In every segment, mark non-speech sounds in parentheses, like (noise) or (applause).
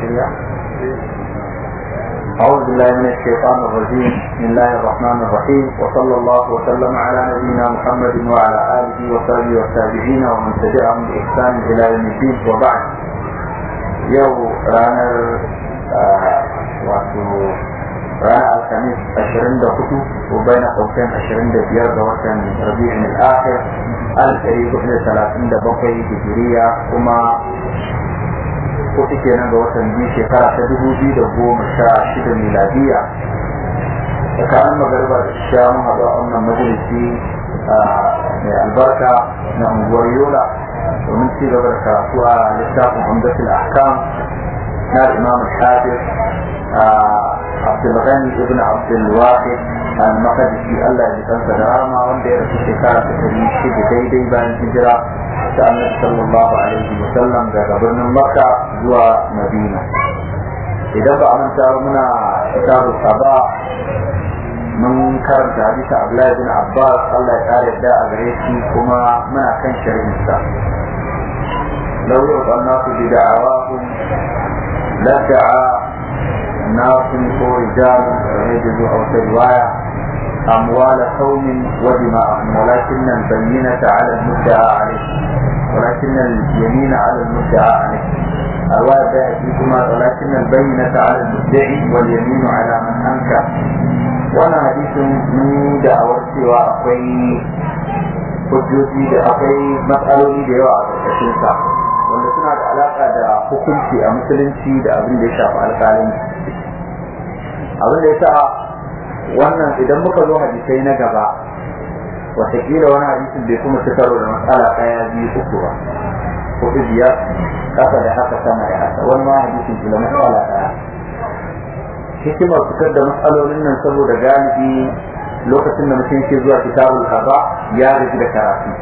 الله أعوذ بالله من الشيطان الرجيم بسم الله الرحمن الرحيم وصلى الله وسلم على نبينا محمد وعلى آله وصحبه والتابعين ومن تبعهم بإحسان إلى يوم الدين وبعد يوم رانا آه، رانا الخميس عشرين دقيقة وبين قوسين عشرين دقيقة وكان ربيع الآخر ألف biyar ga watan rabi'in al'akhir hudu kenan ga watan biyu shekara ta dubu biyu da goma sha shida miladiya tsakanin magarba da sha mun haɗu a wannan majalisi mai albarka na unguwar yola domin ci gaba da karatu a littafin umdatul ahkam na imam al-hafiz abdulghani ibn abdulwahid al-maqdisi Allah ya ji kansa da rama wanda ya rasu shekara ta ɗari shida daidai bayan hijira ta annabi sallallahu alaihi wa sallam daga birnin makka zuwa madina idan ba manta muna kitabu saba mun karanta hadisi abdullahi bin abbas allah ya kare da a gare shi kuma muna kan shirinsa لو يرضى الناس بدعواهم لدعا ناس ورجال يجد او روايه أموال قوم ودماءهم ولكن البينة على المدعى عليه ولكن اليمين على المدعى عليه أواد يأتيكما ولكن البينة على المدعي واليمين على من أنكر وأنا حديث من دعوة وأقوي hujjoji da akwai matsaloli da yawa a ƙarƙashin sa wanda suna da alaƙa da hukunci a musulunci da abin da ya shafi alƙalanci abin da ya sa wannan idan muka zo hadisai na gaba watakila wani hadisin bai kuma ci karo da matsala ɗaya biyu uku ba ko biyar kasa da haka sama ya haka wani ma hadisin kila matsala ɗaya hikimar fitar da matsalolin nan saboda galibi lokacin da mutum ke zuwa kitabul kaza ya gaji da karatu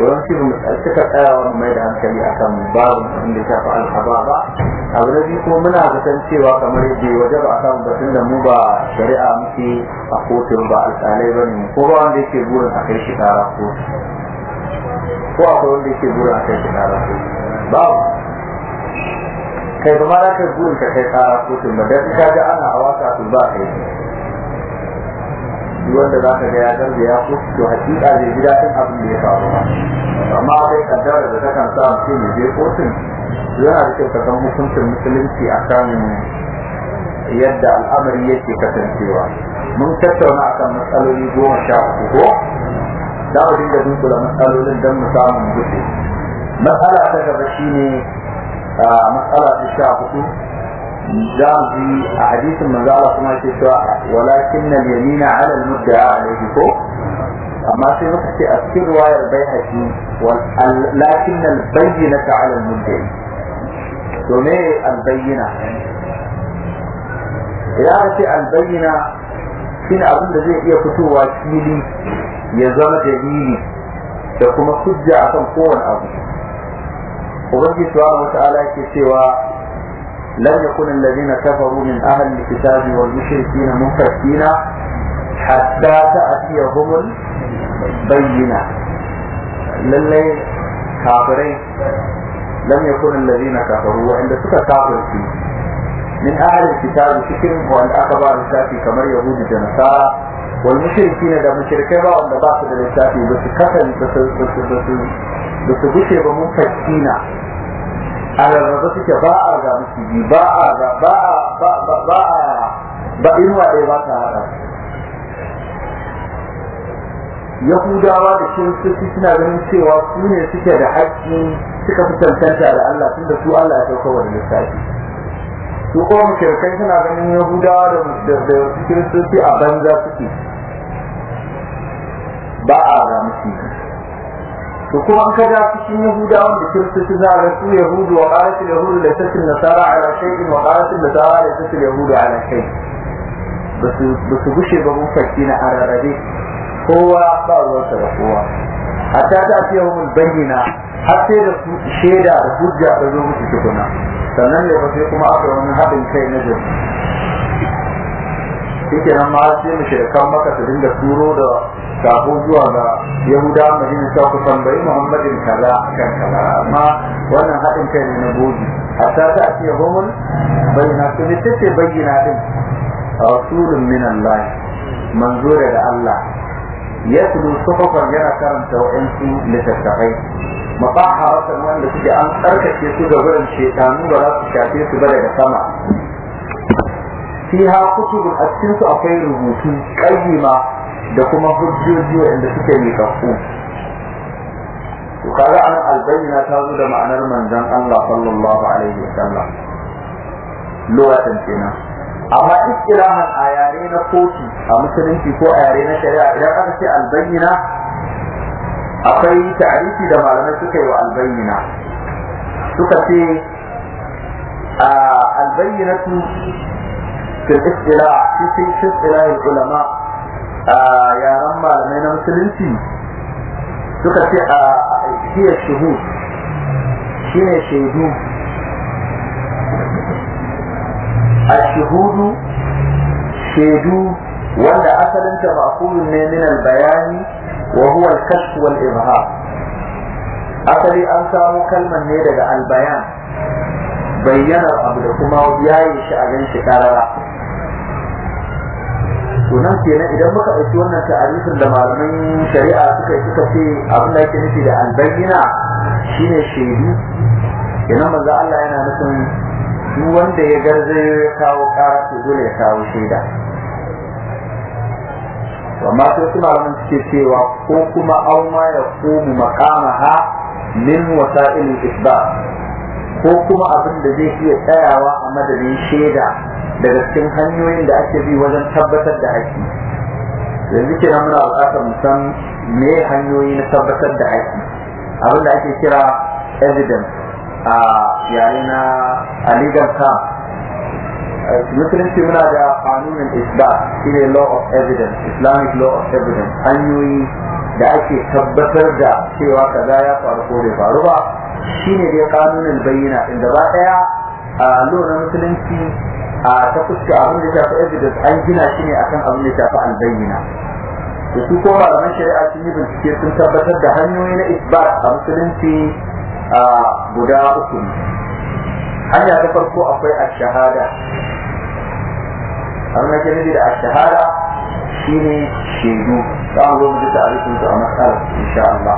yawan shi suka tsaya mai da hankali akan babu abin da shafi alhaba ba abu na biyu kuma muna zaton cewa kamar yadda waje ba a samu batun da mu ba shari'a muke a kotun ba alƙalai ba ne ko ba wanda yake burin a kai shi tara ko ko akwai wanda yake burin a kai shi tara ko babu kai ba ma za ka burin ka kai tara kotun ba da ita ga ana hawa kafin ba a kai wanda za ka ga ya garba ya kusa to hakika zai ji daɗin abin da ya faru ba amma dai kaddara da takan sa mutum ya je kotun yana da kyau ka san hukuncin musulunci a kan yadda al'amari yake kasancewa mun tattauna akan matsaloli goma sha uku ko za mu dinga dunkula matsalolin don mu samu gudu matsala ta gaba shine ah, matsala ta sha hudu دام في حديث من قال صلى الله عليه ولكن اليمين على المدعى عليه فوق اما في نقطة السر رواية البيهقي لكن البينة على المدعي دوني البينة يا أخي البينة فين أظن الذي هي كتب واشيلي يزال جليلي لكم أخذ جاء أصلا قوة أظن وبرجي سؤال وتعالى كي سوى لم يكن الذين كفروا من أهل الكتاب والمشركين منفكين حتى تأتيهم البينة للي كافرين لم يكن الذين كفروا وعند سكة كافر فيه من أهل الكتاب شكر والأخبار الشافي كمر يهود جنساء والمشركين ده مشركين بقى ولا بعض الشافي بس كسل بس بس بس بس بس بس بس a rarraba suke ba a ga musu ba a ga ba a ba a ba a ba in waɗe ba ta haɗa yahudawa da kiristoci suna ganin cewa su ne suke da haƙƙi suka fi tantanta da Allah tunda su Allah ya sauka wani lissafi su kuma mushrikai suna ganin yahudawa da da kiristoci a banza suke ba a ga musu فكم أنك جاءت شيء يهود أو بكرت تزار رسول يهود وقالت اليهود ليست النصارى على شيء وقالت النصارى ليست اليهود على شيء بس بشي بابو فاكتين على ربي هو أخبار وصل هو حتى جاءت البينة حتى شيدا رفوت جاء رجوم تتكونا فنن لبسيكم أخر من هذا الشيء نجم إذا ما أصير مشي كم بكرت تزار رسول sabo zuwa ga yahuda madina ta ku tambayi muhammadin kaza kan kaza amma wannan haɗin kai ne na a ta za a ce homon bayyana su ne take bayyana din rasulun minan Allah manzo daga Allah ya ne sufafan yana karanta wa'ansu littattafai mafaharatan wanda suke an tsarkake su da wurin shekaru ba za su shafe su ba daga sama fiha kutubun a cikin su akwai rubutu qayyima da kuma hujjoji waɗanda suke miƙaƙƙu to kaga an albayyana ta zo da ma'anar manzon Allah sallallahu alaihi wasallam lokacin kenan amma istilahan a yare na kotu a musulunci ko a yare na shari'a idan aka ce albayyana akwai ta'arifi da malamai suka yi wa albayyana suka ce albayyana su fil istila fi fi istila ulama a yaran malamai na musulunci suka ce a hiyar shuhu shi ne shaidu a shuhudu shaidu wanda asalinta ma'kulun ne min bayani wa huwa al wal asali an samu kalman ne daga albayan, bayyanar abu da kuma yayi shi a ganshi karara to nan kenan idan muka ɗauki wannan ta'arifin da malaman shari'a suka yi suka ce abin da yake nufi da albayyana shine shaidu kenan manzo Allah yana nufin duk wanda ya garzayo ya kawo ƙara to dole ya kawo shaida amma sai su malaman suke cewa ko kuma au ma ya komu ha min wasa'il isba ko kuma abin da zai iya tsayawa a madadin shaida daga cikin hanyoyin da ake bi wajen tabbatar da haƙƙi yanzu kira muna buƙatar mu san me hanyoyi na tabbatar da haƙƙi abin da ake kira evidence a yayin na a legal term musulunci muna da kanunin isba shine law of evidence islamic law of evidence hanyoyi da ake tabbatar da cewa kaza ya faru ko bai faru ba shine dai kanunin bayyana inda ba ɗaya a lura musulunci a ta fuska abin da shafi evidence an gina shi ne akan abin da shafi albayyana da su ko malaman shari'a sun yi bincike sun tabbatar da hanyoyi na isbat a musulunci a guda uku hanya ta farko akwai a shahada abin da ke nufi da a shahada shine shaidu za mu zo mu ji ta'arifin su a matsala insha Allah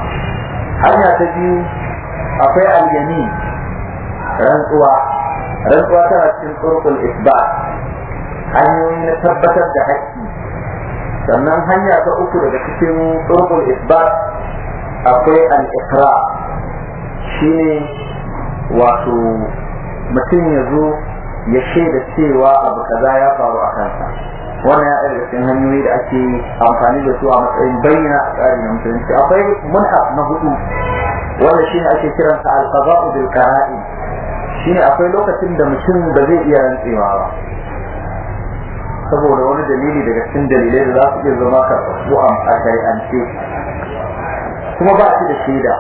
hanya ta biyu akwai alyani rantsuwa rantsuwa tana cikin turkul isba hanyoyi na tabbatar da haƙƙi sannan hanya ta uku daga cikin turkul isba akwai al shine wato mutum ya zo ya shaida cewa abu kaza ya faru a kansa wannan ya ɗaya cikin hanyoyi da ake amfani da su a matsayin bayyana a tsarin musulunci akwai munhaf na hudu wanda shine ake kiransa al-qada'u bil shine akwai lokacin da mutum ba zai iya rantsewa ba saboda wani dalili daga cikin dalilai da za su iya zama karɓaɓɓu a shari'ance kuma ba shi da shaida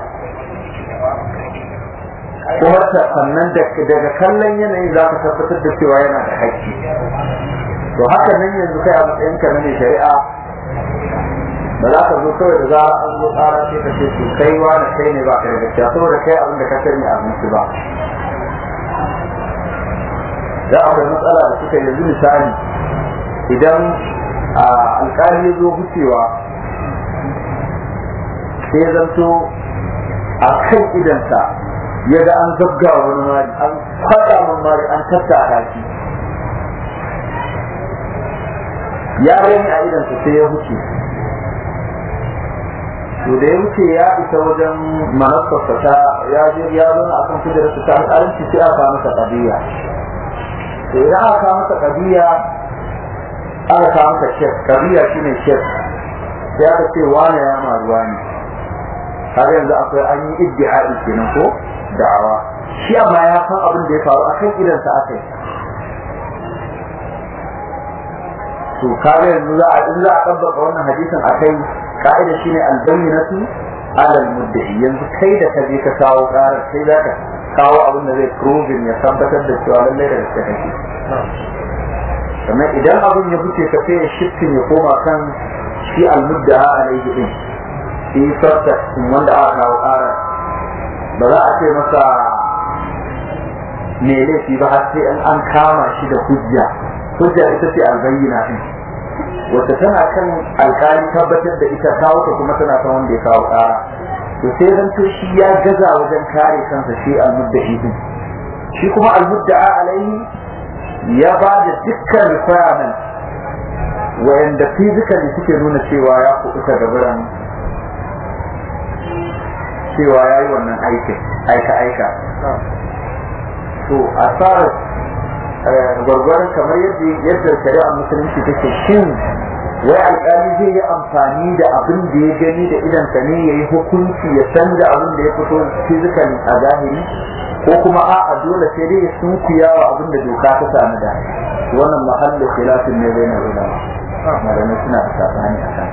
kuma sannan daga kallon yanayi za ka tabbatar da cewa yana da haƙƙi to haka nan yanzu kai a matsayin ka ne shari'a ba za ka zo kawai da za an zo tsara ce ka ce to kai wani kai ne ba ka da gaskiya saboda kai abin da ka sani a ba da akwai matsala da suka yanzu misali idan alƙali ya zo wucewa sai zanto a kan idanta ya ga an zabga wani mari an kwada wani mari an a shi ya rami a idanta sai ya huce to da ya wuce ya isa wajen manasarsa ta ya je ya zo a kan su ta alƙalanci sai a fa masa ƙabiya da idan aka kawo masa kabiya aka kawo masa shek kabiya ne shek sai aka ce wane ya ma ruwa ne har yanzu akwai an yi iddi'a'i kenan ko da'awa shi amma ya san abin da ya faru akan idansa aka yi to kare yanzu za a in za a ɗabbaka wannan hadisin kai, ka'ida shi ne bayyinatu su al-mudda'i yanzu kai da je ka kawo ƙarar sai za ka kawo abin da zai provin ya tabbatar da cewa lallai da gaske kake sannan idan abin ya buce ka sai ya shiftin ya koma kan shi almudda a alaihi din shi sarta wanda aka kawo ƙara ba za a ce masa me laifi ba har sai an kama shi da hujja hujja ita ce albayyana din wacce tana kan alkali tabbatar da ita kawo ta kuma tana kan wanda ya kawo ƙara to sai zanto shi ya gaza wajen kare kansa shi almudda'i din shi kuma almudda'a alaihi ya ba da dukkan requirement wayanda physically suke nuna cewa ya kuɓuta da biran cewa ya yi wannan aikin aika-aika to a tsara eh, gwargwaron kamar yadda shari'ar musulunci take shin wai alƙali zai yi amfani da abin da ya gani da idansa ne ya yi hukunci ya canza abin da ya fito fizikali a zahiri ko kuma a'a dole sai dai ya sunkuya wa abin da doka ta sami da wannan mahallin khilafin ne zai na ulama malamai suna da sabani a kan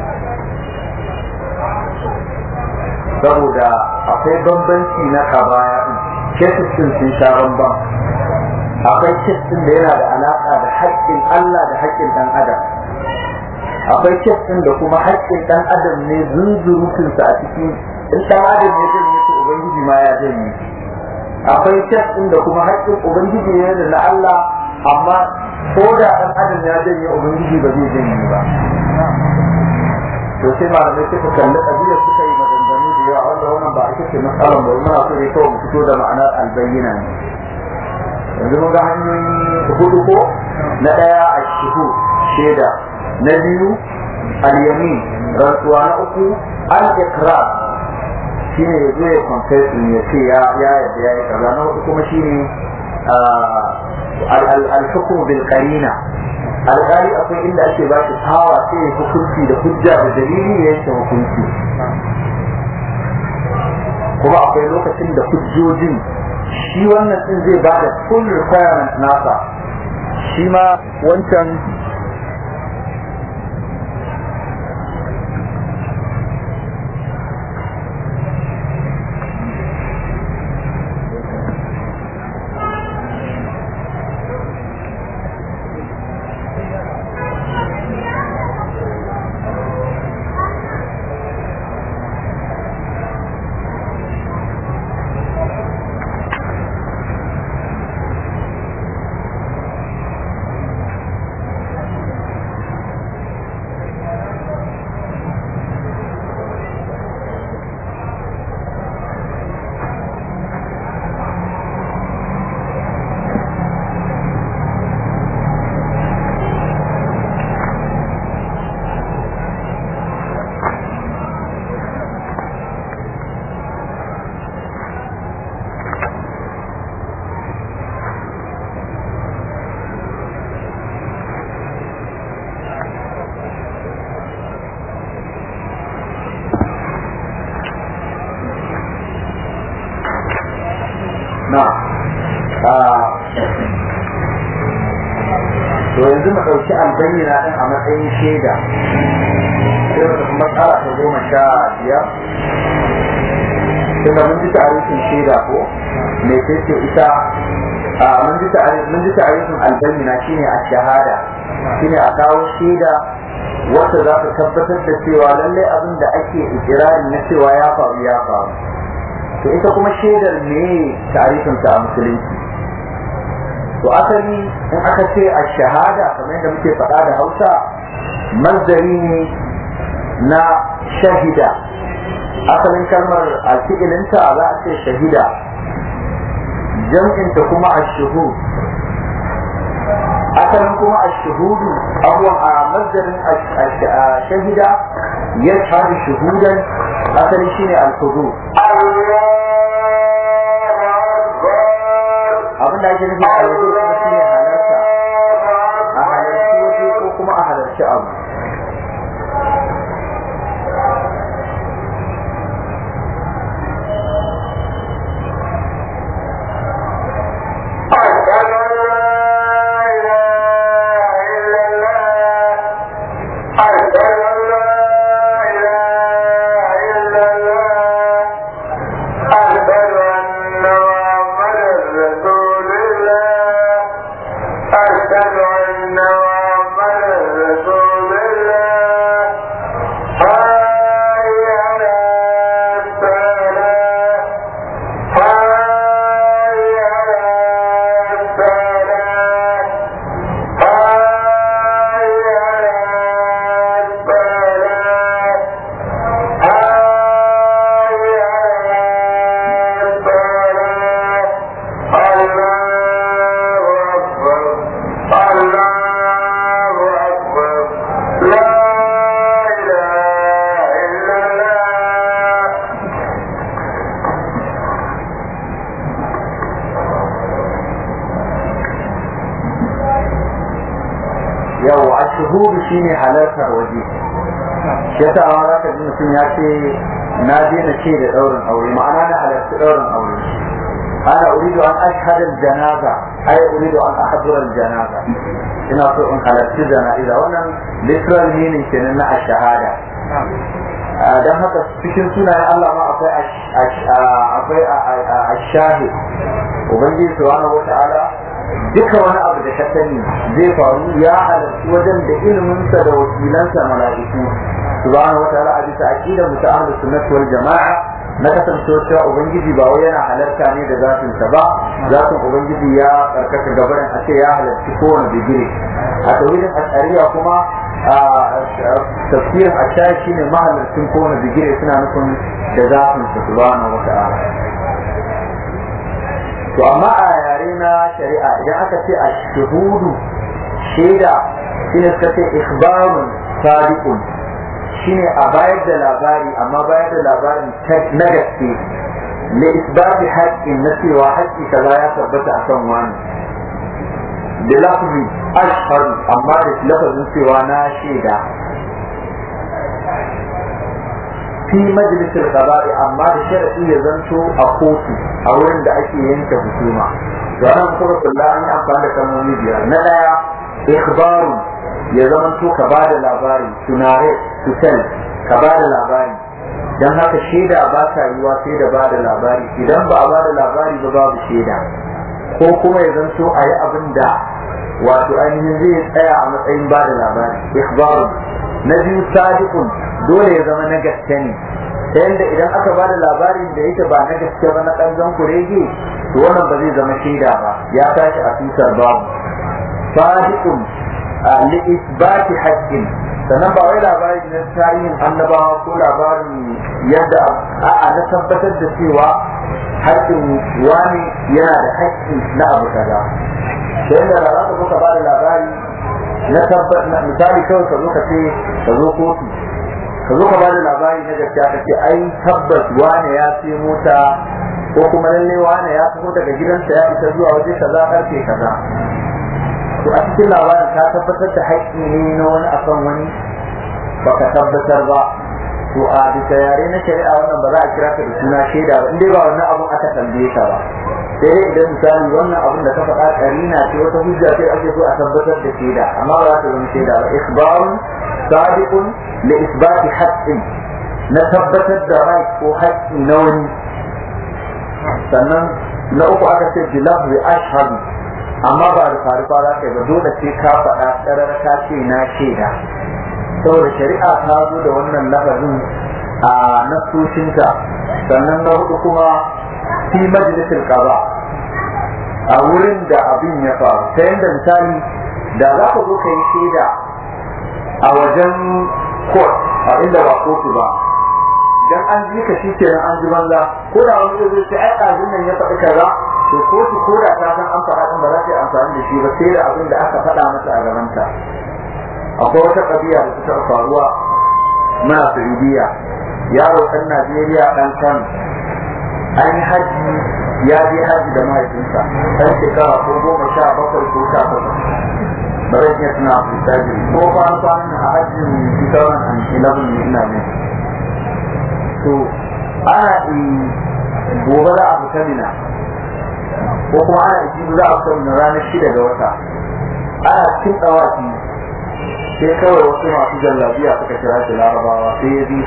saboda akwai bambanci na kabaya kesis din sun sha bamban akwai kesis da yana da alaƙa da haƙƙin Allah da haƙƙin ɗan adam akwai cikin da kuma haƙƙin ɗan adam ne zunzurutunsa a cikin, in ɗan adam ne zai yi to ubangiji ma ya zai yi akwai cikin da kuma haƙƙin ubangiji ne da na Allah amma ko da ɗan adam ya zai yi ubangiji ba zai zai yi ba to sai malamai suka kalli ƙabila suka yi maganganu da yawa wanda wannan ba a kake matsalan ba muna so ne kawai mu fito da ma'anar albayyina ne yanzu mun ga hanyoyi hudu ko na ɗaya a shuhu shaida na biyu al-yamin rantsuwa na uku al-iqrar shine ya zo ya confession ya ce ya yadda ya yi kaza na wasu kuma shi ne ah, hukm bil qarina akwai inda ake ba shi tawa sai ya hukunci da hujja da dalili ya yanke hukunci kuma akwai lokacin da hujjojin shi wannan din zai ba da full requirement nasa shi ma wancan mun ji tarihin albayyana shine a shahada shine a kawo shaida wata za ta tabbatar da cewa lallai abin da ake ikirari na cewa ya faru ya faru to ita kuma shaidar ne tarihin ta a musulunci to asali in aka ce a shahada kamar yadda muke faɗa da hausa manzari ne na shahida asalin kalmar a fi'ilinta za a ce shahida jam'in ta kuma a shuhud asalin kuma ash-shuhud abuwan a madadin shahida ya tsari shuhudan asalin shi ne shuhud abin da ake nufi a yanzu kuma ne halarta a halarci waje ko kuma a halarci abu zuhuru shine halartar waje yasa ma za ji mutum ya ce na je na ce da ɗaurin aure ma'ana na halarci ɗaurin aure ana uridu an ashhadu janaza ai uridu an ahdura janaza ina so in halarci janaza wannan literal meaning kenan na ashahada. Ah, dan haka cikin sunayen Allah ma akwai ah, akwai ash ubangiji subhanahu wata'ala duka wani abu da ka sani zai faru ya halarci wajen da iliminsa da wakilansa mala'iku subhanahu wataala a bisa aqida muta'alu sunnah wal jama'a na kasance cewa ubangiji ba wai yana halarta ne da zatin sa ba zatin ubangiji ya karkata gabarin a ce ya halarci kowane bigire a tawilin ashariya kuma tafsirin ashari shine mahalarcin kowane bigire suna nufin da zatin sa subhanahu wataala to amma a na shari'a idan aka ce a shuhudu shaida shi ne suka ce ikhbarun shi ne a bayar da labari amma bayar da labarin na gaske na isbati haƙƙin na cewa haƙƙi kaza ya tabbata a kan wani da lafazi ashharu amma da lafazin cewa na shaida fi majalisar kabari amma da sharaɗi ya zanto a kotu a wurin da ake yanke hukuma ga nan kuma kula an yi amfani da kalmomi biyar na ɗaya ikhbaru ya zanto ka ba da labari tunare to tell ka ba da labari dan haka shaida ba ta yiwa sai da ba da labari idan ba a ba da labari ba babu shaida ko kuma ya zanto a yi abin da wato ainihin zai tsaya a matsayin ba da labari ikhbaru na biyu sadiqun dole ya zama na gaske ne ta yadda idan aka ba da labarin da yake ba na gaske ba na ƙanzon kurege to wannan ba zai zama shaida ba ya tashi a tutar babu sadiqun li isbati haqqin sannan ba wai labari na tarihin annabawa ko labarin yadda a'a na tabbatar da cewa haƙƙin wani yana da haƙƙi na abu kaza da yadda da za ka zo ka ba da labari na tabbat na misali kawai ka zo ka ce ka zo kotu ka zo ka ba da labari na gaskiya ka ce ai tabbas wani ya ce mota ko kuma lalle wani ya fito daga gidansa ya isa zuwa waje kaza karfe kaza to a cikin labarin ka tabbatar da haƙƙi ne na wani akan wani baka tabbatar ba to a bisa yare na shari'a wannan ba za a kira ka da suna shaida ba indai ba wannan abun aka tambaye ka ba sai dai idan misali wannan abun da ka faɗa na ce wata hujja sai ake so a tabbatar da shaida amma ba za ta zama shaida ba isbarun sabiqun li isbati haqqin na tabbatar da rai ko haƙƙi na wani sannan na uku aka ce bilahu ashhadu amma ba da faruwa za ka yi ba dole sai ka faɗa ɗarar ka ce na da. saboda shari'a ta zo da wannan lafazin a nasocinta sannan na hudu kuma fi majalisar ƙaba a wurin da abin ya faru ta yadda misali da za ka zo ka yi shaida a wajen court a inda ba kotu ba dan an ji ka shi kenan an ji banza ko da wani zai ce ai kafin nan ya faɗi kaza to ko shi ko da ta san an faɗa ba za ta yi amfani da shi ba sai da abin da aka faɗa masa a gabanta akwai wata ƙabiya da ta faruwa muna saudiya yaro ɗan najeriya ɗan kan an yi haji ya je haji da mahaifinsa ɗan shekara ko goma sha bakwai ko sha bakwai ba ne suna tuna a ko ba kwanan a hajjin 2011 ne ina ne to ana in gobe za a fita mina ko kuma ana ijibu za a fita mina ranar shida ga wata ana cin tsawaki sai kawai wasu masu jallabiya suka kira shi larabawa sai ya bi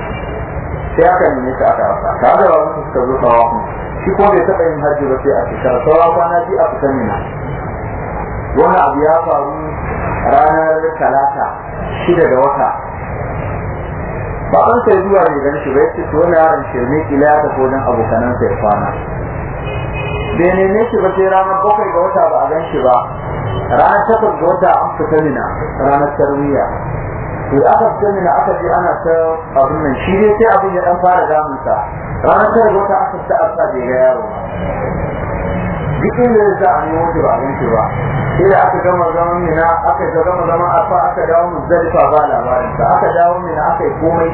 sai aka nemi shi aka rasa ta da wani suka zo tsawaki shi kuma bai taɓa yin hajji ba sai a shekara sauran kwana biyu a fita mina wani abu ya faru ranar talata shida ga wata ba an sai zuwa ne gan shi ba ce to wannan yaron shirme kila ya tafi wajen abokanan sa ya kwana bai neme shi ba sai ranar bakwai ga wata ba a gan shi ba ranar takwas ga wata an fita mina ranar tarwiyya to aka fita mina aka je ana ta abin nan shi dai sai abin ya dan fara damunsa ranar tara ga wata aka fita a sa ga yaro ba duk inda ya sa an yi wuce ba abinci ba ila aka gama zaman mina aka gama zaman afa aka dawo muzdalifa ba labarin sa aka dawo mina aka yi komai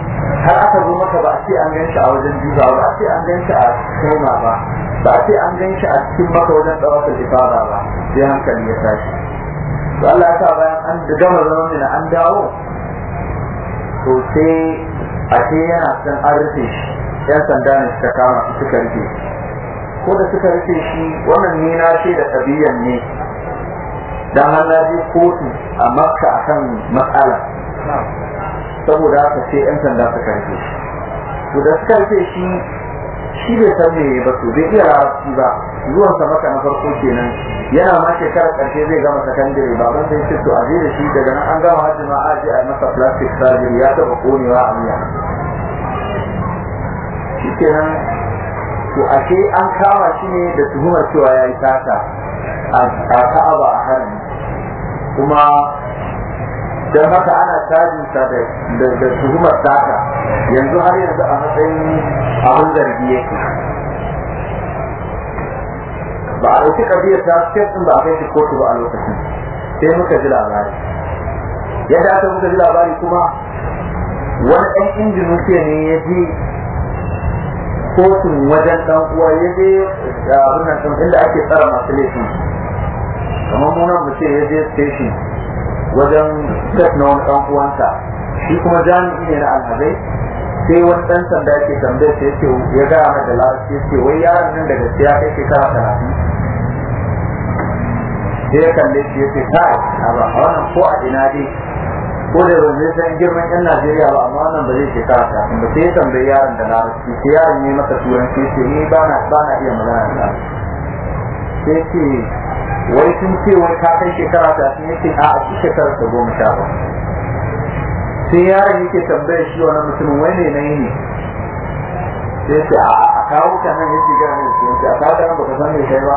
har aka zo maka ba a ce an ganshi a wajen duba ba a ce an ganshi a kaima ba ba a ce an ganshi a cikin maka wajen tsawata ifada ba sai hankali ya tashi to Allah ya sa bayan an gama zaman mina an dawo to sai a ce yana son an rufe shi 'yan sanda ne suka kama suka rufe shi ko da suka rufe shi wannan ne na ce da tabiyan ne dan Allah ji kotu a makka akan matsala saboda haka ce yan sanda suka rike. shi to da suka rufe shi shi bai san me ba to bai iya rafi ba zuwan sa maka na farko kenan yana ma shekarar karshe zai gama sakandare baban sai ce to a je da shi daga nan an gama hajjin ma a je a masa plastic surgery ya taba konewa a miya shi kenan to ashe an kama shi ne da tuhumar cewa ya yi sata a ka'aba a harin kuma don haka ana tajin sa da tuhumar sata yanzu har yanzu a matsayin abin zargi yake ba a ɗauki ƙabiyar ta ɗin ba a kai shi kotu ba a lokacin sai muka ji labari yadda aka muka ji labari kuma wani ɗan injin ne ya je kotun wajen dan uwa ya je da abin nan inda ake tsara masu laifin kamar mu nan mutum ya je station wajen set na wani dan uwansa shi kuma jami'i ne na alhazai sai wani dan sanda yake tambayar sai ce ya ga a da larabci ya ce wai yaron nan daga siya kai shekara talatin sai ya kalle shi ya ce kai a ba a wannan ko a ina dai ko da ba zai san girman yan Najeriya ba amma wannan ba zai ke ta ta ba sai tambayi yaron da larabci sai yaron ne masa turanci sai ni ba na ba na iya magana da sai ce wai sun ce wai ka kai shekara ta sun yake a a shekara ta goma sha ba sai yaron yake tambayar shi wani mutum wai ne na yi ne sai ce a kawo ka nan yake gane sai a kawo ka nan ba ka san me kai ba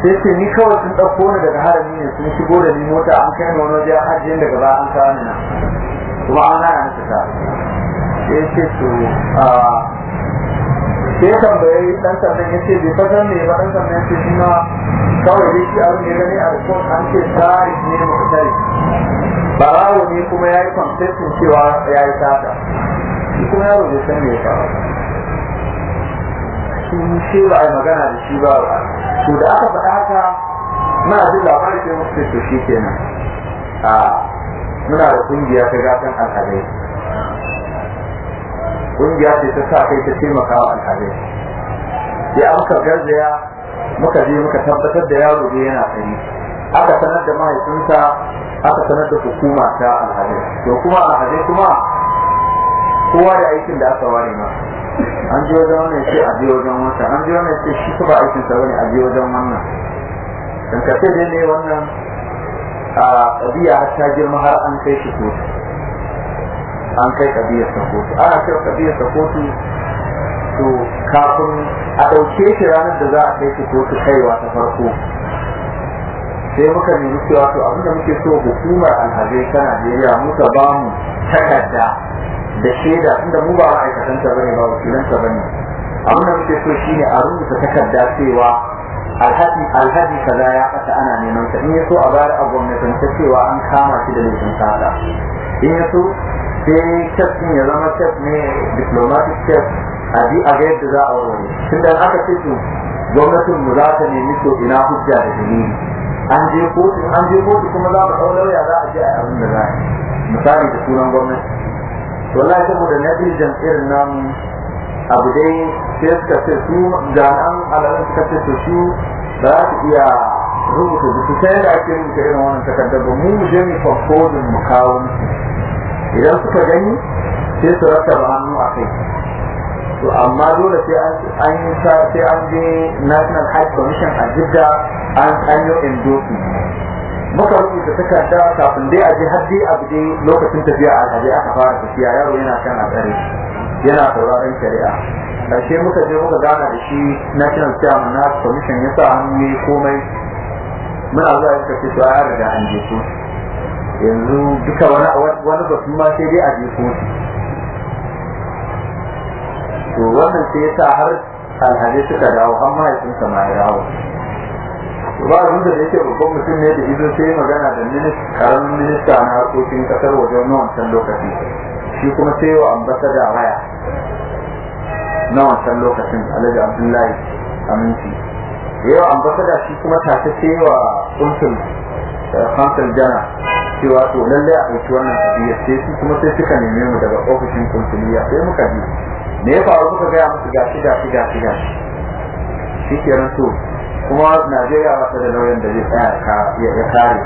sai ce ni kawai sun ɗauko ni daga harami ne sun shigo da ni mota an kai ni wani waje hajji yadda gaba an kawo ni nan kuma an hana na fita sai ce to sai tambaye ɗan sandan ya ce bai fasar ne ba ɗan sandan ya ce shi ma kawai dai shi abu ne gani a rikon an ce tsari ne da ba barawo ne kuma ya yi kwamfetin cewa ya yi tata shi kuma yaro bai san me ya faru shi ba a yi magana da shi ba ba to da aka faɗa haka muna jin labarin sai musu to shi kenan a muna da kungiya ta gatan alhazai kungiya ce ta sa kai ta taimaka wa alhazai sai muka garzaya muka je muka tabbatar da yaro ne yana sani aka sanar da mahaifinsa aka sanar da hukuma ta alhazai to kuma alhazai kuma kowa da aikin da aka ware masa an ji wajen wannan sai a biyo wajen wata an ji wannan sai shi ba aikin sa bane a biyo wajen wannan dan ka ce dai ne wannan a kabiya har ta girma har an kai shi kotu an kai kabiya ta kotu ana kai kabiya ta kotu to kafin a ɗauke shi ranar da za a kai shi kotu kaiwa ta farko sai muka nemi cewa to abinda muke so hukumar alhazai ta najeriya muka ba mu takarda da shaida inda mu ba ma'aikatanta bane ba wakilanta bane abin da muke so shine a rubuta takarda cewa alhaji alhaji kaza ya fata ana neman sa in ya so a bayar a gwamnatance cewa an kama shi da laifin sada in ya so sai kes din ya zama kes ne diplomatic kes a bi a ga yadda za a warware tunda aka ce to gwamnatin mu za ta nemi to ina hujja da dalili an je kotu an je kotu kuma za mu ɗau lauya za a je a abin da za a yi. misali da sunan gwamnati wallahi saboda na ji jam'iyyar nan abu dai sai suka ce su jami'an alamun suka ce su su ba za su iya rubuta su sai da ake rubuta irin wannan takardar ba mu je mu da mu kawo idan suka gani sai su rasa hannu a kai to amma dole sai an yi sa sai an je national high commission a jidda an an yi endorsement muka rubuta takarda kafin dai je har dai a dai lokacin tafiya a alhaji aka fara tafiya yaro yana kan a tsare yana sauraron shari'a ƙarshe muka je muka gana da shi national chairman na commission ya sa hannu ya komai muna zuwa yin tafi to ya riga an je su yanzu duka wani wani batu ma sai dai a je su to wannan sai ya sa har alhaji suka dawo har mahaifinsa ma ya dawo ba abin da yake babban mutum ne da izo sai magana da karamin minista na harkokin kasar wajen na wancan lokaci shi kuma sai wa ambata da waya na wancan lokacin alhaji abdullahi aminci yawa ambata da shi kuma tafi sai wa kuntul kansul jana cewa to lalle a ɗauki wannan tafiya sai su kuma sai suka neme mu daga ofishin kuntuliya sai muka bi me ya faru muka gaya musu gashi gashi gashi gashi shi kenan so. kuma najeriya ba ta da lauyan da zai tsaya ya kare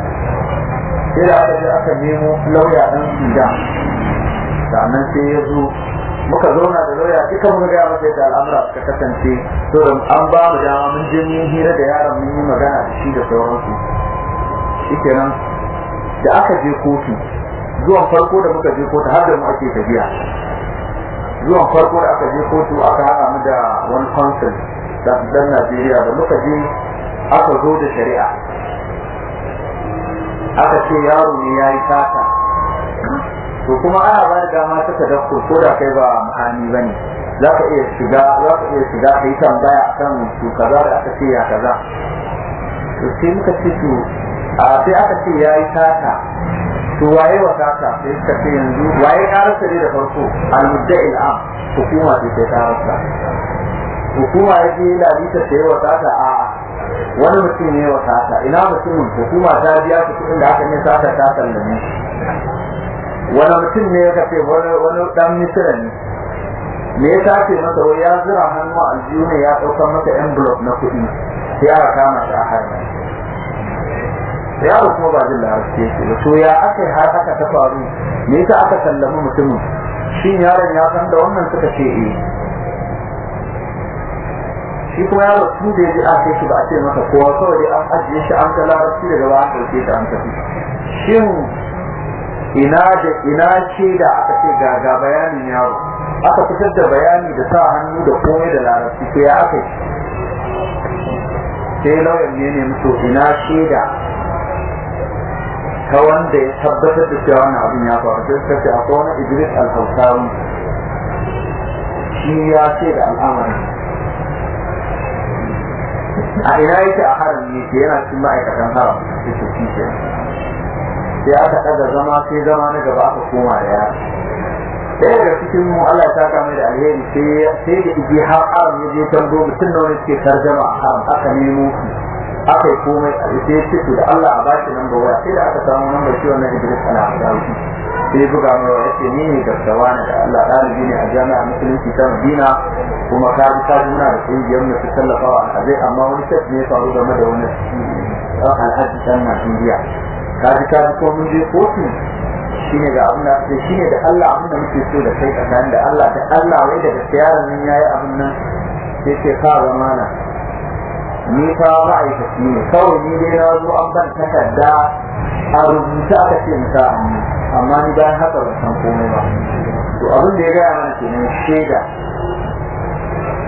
sai da aka je aka nemo lauya ɗan sudan sannan sai ya zo muka zauna da lauya duka muka gaya masa yadda al'amura suka kasance to an ba mu dama mun je mun hira da yaron mun yi magana da shi da sauransu shikenan da aka je kotu zuwan farko da muka je kotu har da mu ake tafiya zuwan farko da aka je kotu aka haɗa mu da wani kwansil. dan Najeriya da muka je aka zo da shari'a aka ce yaro ne ya yi sata to kuma ana ba da dama ta tadakkur ko da kai ba ma'ani ba ne za ka iya shiga za ka iya shiga ka yi tambaya akan su kaza da aka ce ya kaza to sai muka ce to a sai aka ce ya yi sata to waye wa sata sai suka ce yanzu waye rasa ne da farko al-mudda'il am hukuma ce ta ƙararsa hukuma ya je yana bisa ta yi sata? a wani mutum ne sata, ina mutumin hukuma ta biya su kuɗin da aka yi sata ta sallame wani mutum ne ya kafe wani dan misira ne me ya tafe masa wai ya zira hannu a aljihu ne ya ɗaukar masa blok na kuɗi sai aka kama ta a yaro kuma ba jin larabci yake ba to ya aka har aka ta faru me yasa aka sallami mutumin shin yaron ya san da wannan suka ce eh shi kuma ya rasu da ya ji kai shi ba a ce masa kowa kawai dai an ajiye shi an ga larabci daga ba an ɗauke ta an tafi shin ina da ina ce da aka ce ga ga bayanin yaro aka fitar da bayani da sa hannu da komai da larabci ko ya aka yi sai lauyan ne ne mutu ina ce da ta wanda ya tabbatar da cewa wani abin ya faru sai suka ce a kowane idris al-hausawi shi ya ce da al'amarin a ina yake a harin ne ke yana cikin ma'aikatan haram da ke sai aka ɗaga zama sai zama na gaba aka koma da yara ɗaya daga cikin mu Allah ya saka mai da alheri sai da ibi har haram ya je tambo mutum na wani suke tarjama a haram aka nemo su aka yi komai a sai ya ce da Allah a bashi nan waya sai da aka samu nan shi wannan Idris ana Adawi sai buga mai waya ce ni ne gaggawa ne da Allah ɗalibi ne a jami'a musulunci ta Madina kuma ka bi ka muna da kungiyar mu su tallafa a alhazai amma wani shek ne ya faru game da wani alhaji ɗan Najeriya ka ji ka bi ko mun je shi ne ga abin da shi ne da Allah abin da muke so da kai tsakanin da Allah da Allah wai da yaron ya yi abin nan sai ce ka na. ni fa ma'aikaci ne kawai ni dai na zo an ban takarda a rubuta aka ce in sa hannu amma ni bayan haka ban san komai ba to abin da ya gaya mana kenan shaida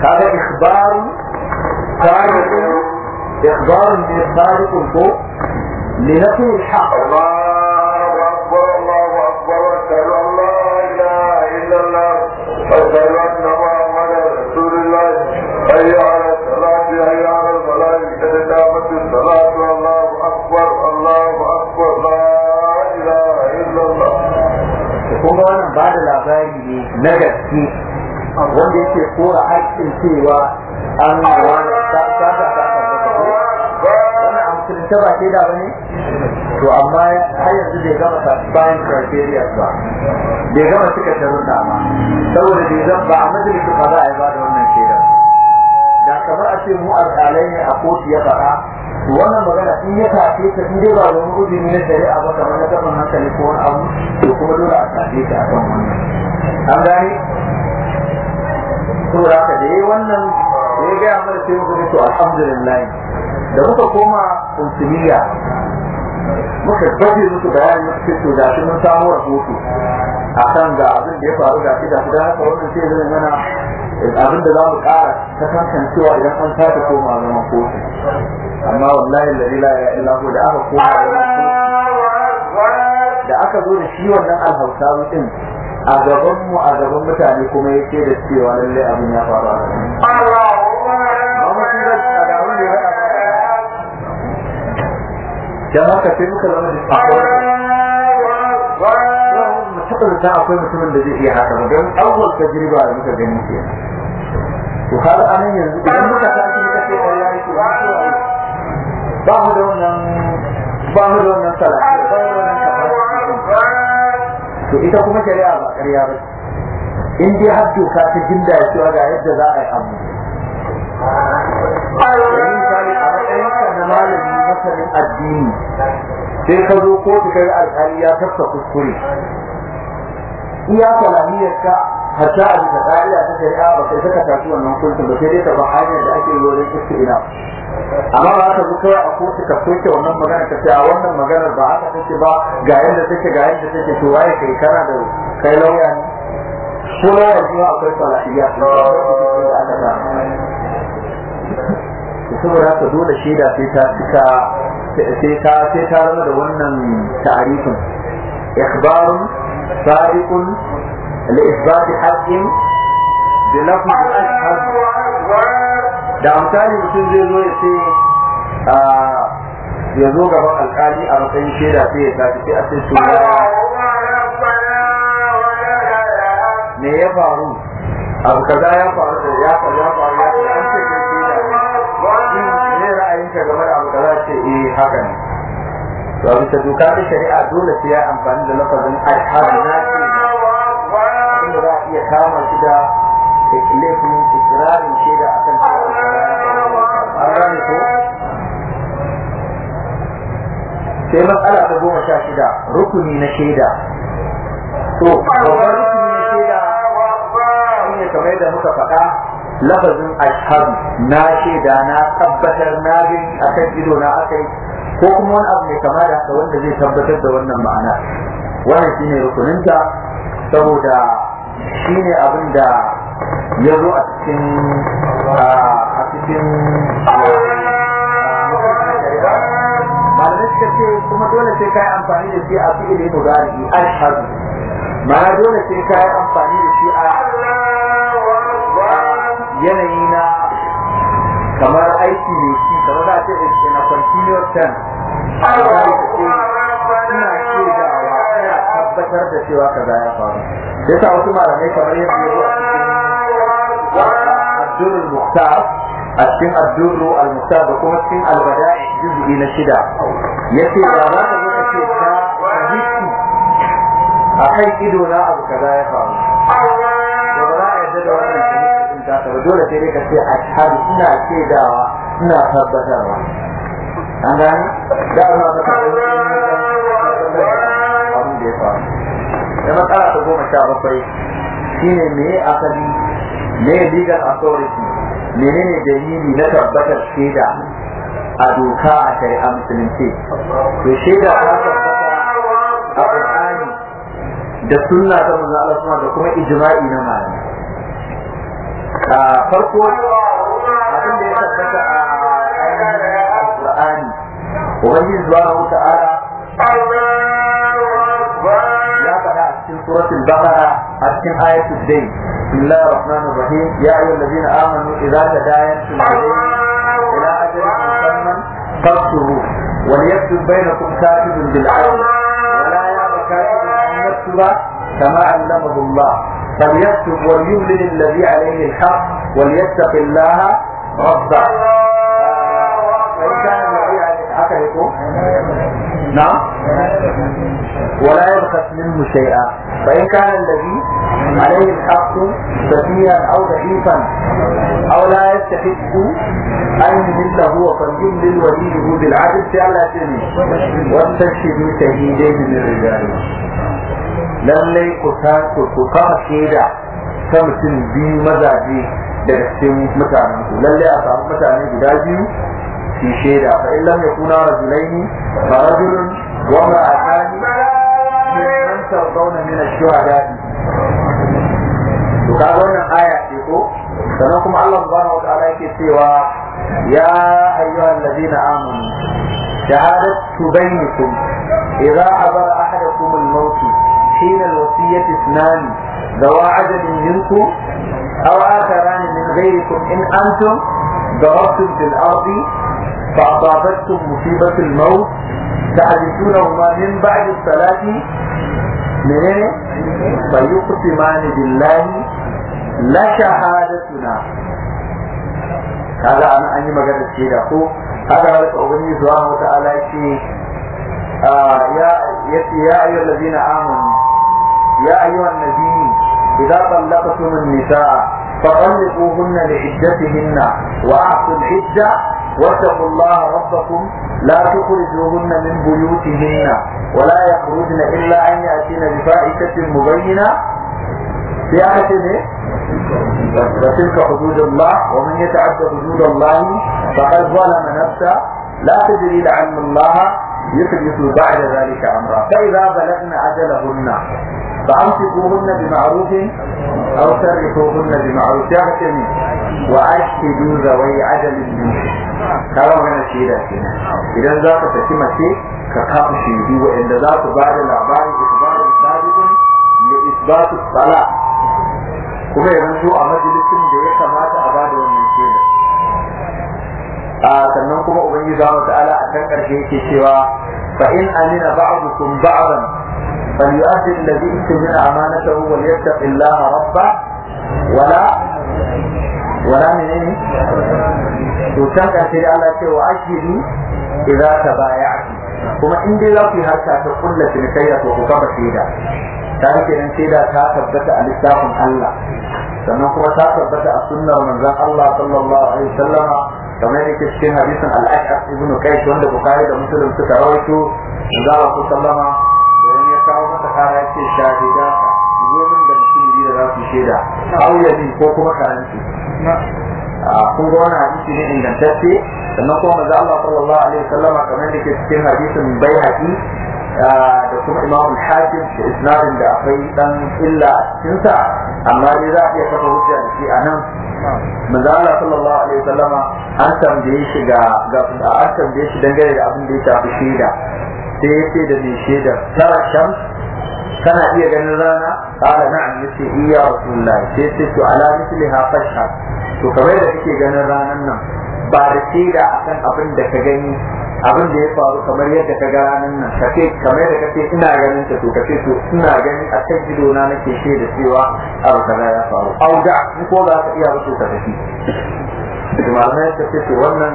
kaga ikhbaru sadiqun ikhbarun bi sadiqun ko li nafi al-haq Allahu akbar Allahu akbar ashhadu an la ilaha illallah ashhadu anna muhammadar rasulullah hayya labari ne na gaske wanda yake kora haƙƙin cewa an ruwa da ta ta ta ta wannan amsar ta ba ke da ba ne to amma har yanzu bai gama satisfying criteria ba bai gama cika sharuɗa ba saboda bai zan ba a majalisun ba za a yi ba da wannan shaidar da kamar a ce mu alƙalai ne a kotu ya fara. wannan magana in ya tafi ta in dai ba wani uzuri na shari'a ba kamar na gaban hankali ko wani abu to kuma dole a tafi ta a kan wannan an gane to da ka dai wannan da ya gaya mana sai muka to alhamdulillah da muka koma kuntumiya muka baje musu bayani muka ce to da shi mun samu rahoto kan ga abin da ya faru da shi da shi da haka wannan sai zai mana abin da za mu ƙara ta kasancewa idan an sake koma zama kofi. amma wallahi lalli la ya illa da aka koma da aka zo da shi wannan Alhausa din a gaban mu a gaban mutane kuma ya ce da cewa lallai abin ya faru a dan haka sai muka zama da tsakon mu taɓa da akwai mutumin da zai iya haka ba don awwal tajriba da muka gani kenan to har anan yanzu idan muka tashi muka ce wallahi to ba mu da wannan ba mu da wannan salati ba mu da wannan to ita kuma shari'a ba ƙarya ba in dai har doka ta jinda ya cewa ga yadda za a yi abu misali a matsayinka na malami masanin addini sai ka zo kotu kai alƙali ya tafka kuskure iya salamiyar ka hatta a bisa ƙa'ida ta shari'a ba kai saka tafi wannan hukuncin ba sai dai ka ba hanyar da ake yi wajen ina amma ba aka zo kawai a kotu ka soke wannan magana ka ce a wannan maganar ba aka take ba ga yadda take ga yadda take to waye kai kana da kai lauya ne ko lauya zuwa akwai salafiya da aka sa saboda haka dole shaida sai ta cika sai ta sai ta rama da wannan ta'arifin ikhbarun sadiqun لإثبات حق بلفظ الأشهد da amsali mutum zai zo ya ce ya zo gaba alkali a matsayin shaida sai ya tafi sai a ce to me ya faru abu kaza ya faru da ya faru ya faru ya faru an ce kai shaida ne ra'ayinka game da abu kaza ce eh haka ne to a bisa doka ta shari'a dole sai ya amfani da lafazin alhadu na ce iya kama shi da laifin ikirarin shaida a kan an ko sai matsala ta goma sha shida rukuni na shaida to babban rukuni na shaida ne kamar yadda muka faɗa lafazin ashhadu na shaida na tabbatar na a kan ido na akai ko kuma wani abu mai kama da haka wanda zai tabbatar da wannan ma'ana wannan shine rukuninta saboda Shi ne abin da ya zo a cikin a cikin malamai suka ce kuma dole sai ka amfani da shi a fi'ili mudari al-hazm Mana dole sai ka amfani da shi a yanayi na kamar aiki ne shi kamar za a ce na continuous term da shi. tabbatar da cewa kaza ya faru sai sa wasu malamai kamar yadda ya zo a cikin al-muqtar a cikin Abdul durru al da kuma cikin al-bada'i juz'i na shida ya ce ba za ka zo ka ce ka fahimci a kan ido na abu kaza ya faru da ba za a yarda da wannan fahimci ta ba dole sai dai ka ce a shahadu ina shaidawa ina tabbatarwa an gani da Allah ta kawo da ya faru da matsala ta goma sha bakwai shine me asali me legal authority menene dalili na tabbatar shaida a doka a shari'a musulunci to shaida ta tabbata a Qur'ani da sunna ta manzo Allah suna da kuma ijma'i na malami a farko abin da ya tabbata a Qur'ani ubangiji na wuta ara cikin suratul baqara a cikin ayatul dayn bismillahir rahmanir rahim ya ayyuhal ladina amanu idza tadayantum ila ajalin musamman wal yaktub bainakum katibun bil 'adl katibun yaktuba kama 'allamahu Allah ولا يبخس منه شيئا فإن كان الذي عليه الحق سفيها أو ضعيفا أو لا يستحق أن يمل هو فليملل للولي بالعدل فعلى سنه واستشهدوا شهيدين من رجالكم lallai ku kama shaida ta mutum biyu mazaje daga cikin mutanen ku lallai a samu mutane guda biyu su shaida fa in lam yakuna rajulaini fa rajulun وما أفاني من ترضون من الشهداء وكان آية فنقوم الله سبحانه يا أيها الذين آمنوا شهادة بينكم إذا عبر أحدكم الموت حين الوصية اثنان ذوى عدد منكم أو آخران من غيركم إن أنتم ضربتم في الأرض فأصابتكم مصيبة الموت تحدثونهما من بعد الصلاة منين؟ فيقسمان بالله لشهادتنا هذا أنا أني مجال الشهيدة أخو هذا ذلك أغني سبحانه وتعالى شيء آه، يا يا أيها الذين آمنوا يا أيها النبي إذا طلقتم النساء فطلقوهن لعدتهن وأعطوا العدة واتقوا الله ربكم لا تخرجوهن من بيوتهن ولا يخرجن إلا أن يأتين بفائشة مبينة في آخر وتلك حدود الله ومن يتعد حدود الله فقد ظلم نفسه لا تدري لعل الله يحدث بعد ذلك أمرا فإذا بلغن أجلهن فأمسكوهن بمعروف أو سرحوهن بمعروف يا حكمي ذوي عدل منكم kawo mana shaida kenan idan za ka tafi mace ka kafa shaidu waɗanda za su ba da labarin isbarin sabiqun li isbatu sala kuma yanzu a majalisin da ya kamata sannan kuma ubangiji subhanahu ta'ala a kan karshe yake cewa fa in amina ba'dukum ba'dan فليؤدي الذي اؤتمن امانته وليتق الله ربه ولا ولا من ايه؟ وتنقل على واجهدوا اذا تبايعتم kuma in dai za ku yi harka ta kulla cinikayya to ku kafa shaida ta rike nan shaida ta tabbata a littafin Allah sannan kuma ta tabbata a sunnar manzon Allah sallallahu alaihi wasallama kamar yake cikin hadisin al'ada ashab ibn wanda bukari da muslim suka rawaito da Allah sallama wani ya kawo mata kara yake shahida ka zo min da mutum biyu da za su shaida auyadi ko kuma karanci kun ga wani hadisi ne ingantacce sannan kuma manzo Allah sallallahu alaihi sallama kamar ke cikin hadisin baihaqi da kuma imam hakim da isnadin da akwai dan illa a cikinsa amma dai za a iya kafa hujja da shi a nan manzo Allah sallallahu alaihi wasallama an tambaye shi ga an tambaye shi dangane da abin da ya shafi shaida sai ya da mai shaidar tara shams kana iya ganin rana qala na'am yace iya rasulullah sai sai to ala misliha fashha to kamar da kake ganin ranan nan ba da shaida akan abin da ka gani abin da ya faru kamar yadda ka ga ranar nan ka ce kamar yadda ka ce ina ganin ta to ka ce to ina gani a kan gido na nake shaida cewa abu kaza ya faru au da in ko za ka iya ba ka tafi malamai ta ce to wannan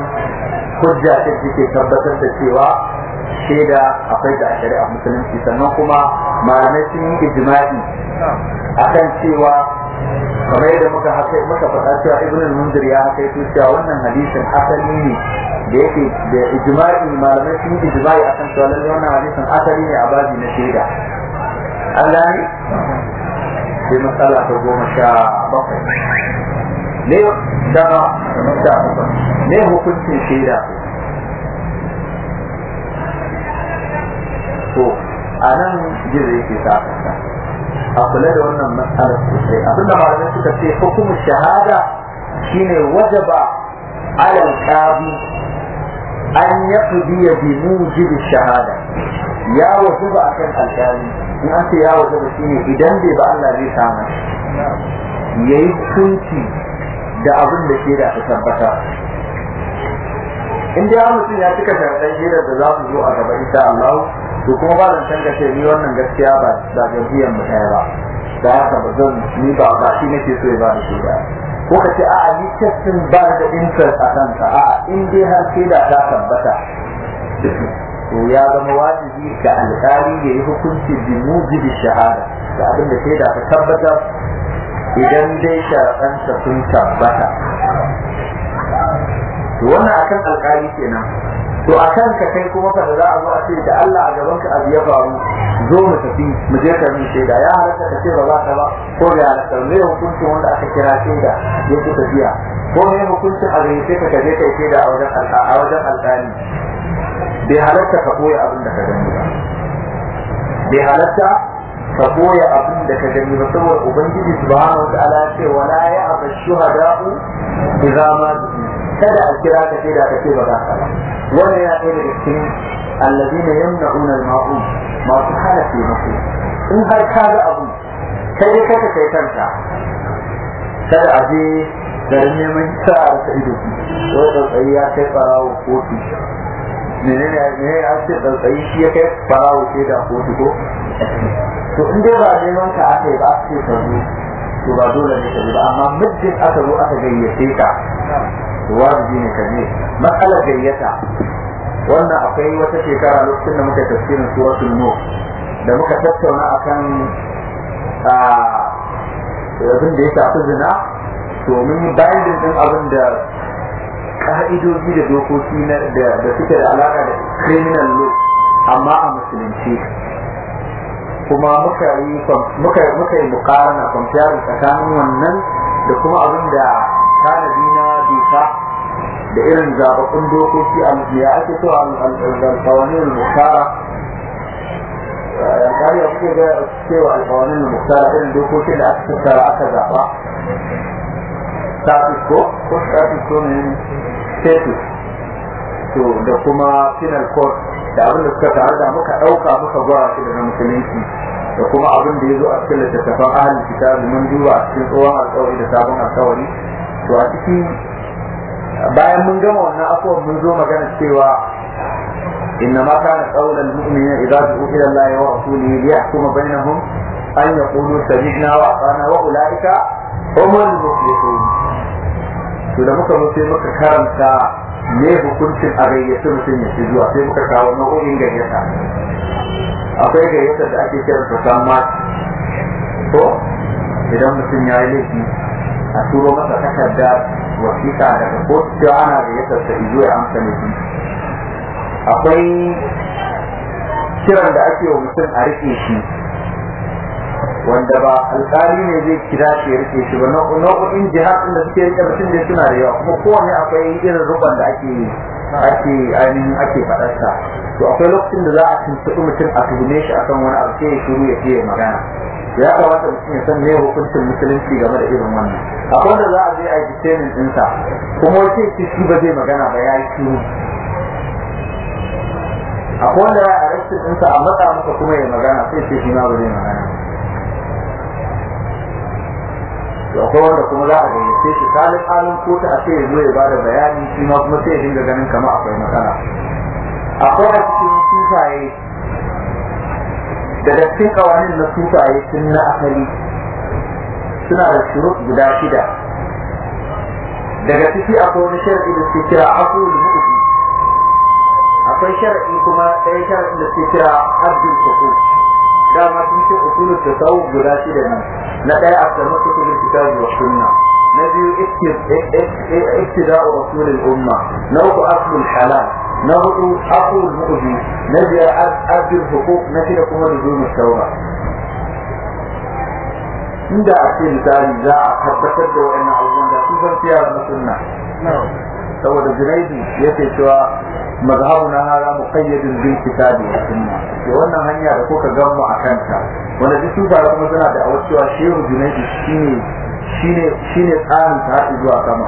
hujja ta ke tabbatar da cewa shaida akwai da shari'a musulunci sannan kuma malamai sun yi ijma'i akan cewa kamar yadda muka haka muka faɗa cewa ibn al-mundir ya haka yake cewa wannan hadisin asali ne da yake da ijma'i malamai sun yi ijma'i akan cewa lalle wannan hadisin asali ne a babi na shaida Allah ne sai matsala ta goma sha bakwai ne daga sha bakwai ne hukuncin shaida to a nan gizo yake sa a kula da wannan matsalar sosai abinda malamai suka ce hukumin shahada shine wajaba alal qadi an yaqdiya bi mujib shahada ya wasu ba a kan alƙali in an ce ya ba shine idan bai ba Allah zai kama yayi hukunci da abin da ke da ta tabbata in dai mutum ya cika sharadai da za su zo a gaba insha Allah to kuma ba zan canza ce ni wannan gaskiya ba da jam'iyyar mu ɗaya ba da haka ba zan ni ba ba shi nake so ya ba da shi ba ko ka ce a'a ni ba da interest a kanka a'a in dai har sai da ta tabbata to ya zama wajibi ga alƙali ya yi hukunci bi mujibi shahada da abin da sai da ta tabbatar idan dai sharaɗansa sun tabbata to wannan akan alƙali kenan to a kan ka kai kuma ka za a zo a ce da Allah a gaban ka abu ya faru zo mu tafi mu je ka min da ya halatta ka ce ba za ka ba ko ya halatta me hukuncin wanda aka kira ce da ya ku tafiya ko mai hukuncin a gaice ka ka je ka shaida a wajen a wajen alƙali bai halatta ka koya abin da ka gani ba bai halatta ka koya abin da ka gani ba saboda ubangiji subhanahu wa ta'ala ya ce wala ya'ba shuhada'u idza ma kada a kira ka sai da ka ce ba za ka wannan ya ɗaya daga cikin allazina yamna'una al-ma'u masu hana taimako in har ka ga abu kai dai kaka kai kanka kada a je garin neman sa'a ta ido wani tsautsayi ya kai farawo kotu menene ne ya ce tsautsayi shi ya kai farawo ke da kotu ko to in dai ba neman ka aka yi ba aka ce ka zo to ba dole ne ka zo ba amma muddin aka zo aka gayyace ka wajibi ne ka ne matsalar gayyata wannan akwai wata shekara lokacin da muka tafsirin su nur da muka tattauna akan abin da ya shafi zina domin bayan din abin da ka'idoji da dokoki da suke da alaka da criminal law amma a musulunci kuma muka yi muka muka yi mukarana kwamfiyar tsakanin wannan da kuma abin da tanadi na doka da irin zababun dokoki a ya ake so a alƙawarin mukara yankari a suke ga cewa alƙawarin mukara irin dokoki da aka tattara aka zaɓa status ko ko status ko ne status to da kuma final court da abin da suka tare da muka ɗauka muka gwara shi daga musulunci da kuma abin da ya zo a cikin littattafan ahalin kitabi mun duba a cikin tsohon alkawari da sabon alkawari to a ciki bayan mun gama wannan afuwan mun zo magana cewa إنما كان قول المؤمنين إذا دعوا إلى الله ورسوله ليحكم بينهم أن يقولوا سمعنا وأطعنا وأولئك هم المفلحون. إذا مكة مسلمة karanta. ne hukuncin a gayyace mutum ya ci zuwa sai muka kawo nau'o'in gayyata akwai gayyata da ake kiran ta samma to idan mutum ya yi laifi a turo masa takarda wasiƙa daga kotu cewa ana gayyatar ta izo ya amsa laifi akwai kiran da ake wa mutum a riƙe shi wanda ba alƙali ne zai kira shi ya rike shi ba nau'o'in jihar da suke rike mutum ne suna da yawa kuma kowane akwai irin rubar da ake ake ainihin ake faɗarsa to akwai lokacin da za a tuntuɓi mutum a tuhume shi akan wani abu sai ya shiru ya je magana ya kamata mutum ya san me hukuncin musulunci game da irin wannan akwai wanda za a je a yi detainin ɗinsa kuma wace ce shi ba zai magana ba ya yi shiru akwai wanda ya arrestin ɗinsa a matsa masa kuma ya magana sai ce shi ma ba zai magana to wanda kuma za a gayyace shi kalin alin ko ta a sai zuwa zo ya bada bayani shi ma kuma sai dinga ganin kamar akwai matsala akwai a cikin sufaye daga cikin kawanin na sufaye sun na asali suna da shuru guda shida daga ciki akwai wani sharadi da suke kira aqul mu'min akwai sharadi kuma ɗaya sharadi da suke kira abdul sukuk dama sun ce usulul tasawuf guda shi da nan na ɗaya at-tamassuku bil kitab wa sunna na biyu iktida'u rasulil umma na uku aslul halal na hudu aqul mu'zi na biyar abdul huquq na shida kuma nuzumut tawba inda a ce misali za a tabbatar da wa'annan abubuwan da sun san fiya na sunna saboda junaidu yake cewa mazhabu na hara muqayyadun bil kitabi wa sunna to wannan hanya da kuka gan mu akan ta wanda duk su tare kuma suna da awar cewa shehu junaidu shine shine shine tsarin ta haɗu zuwa sama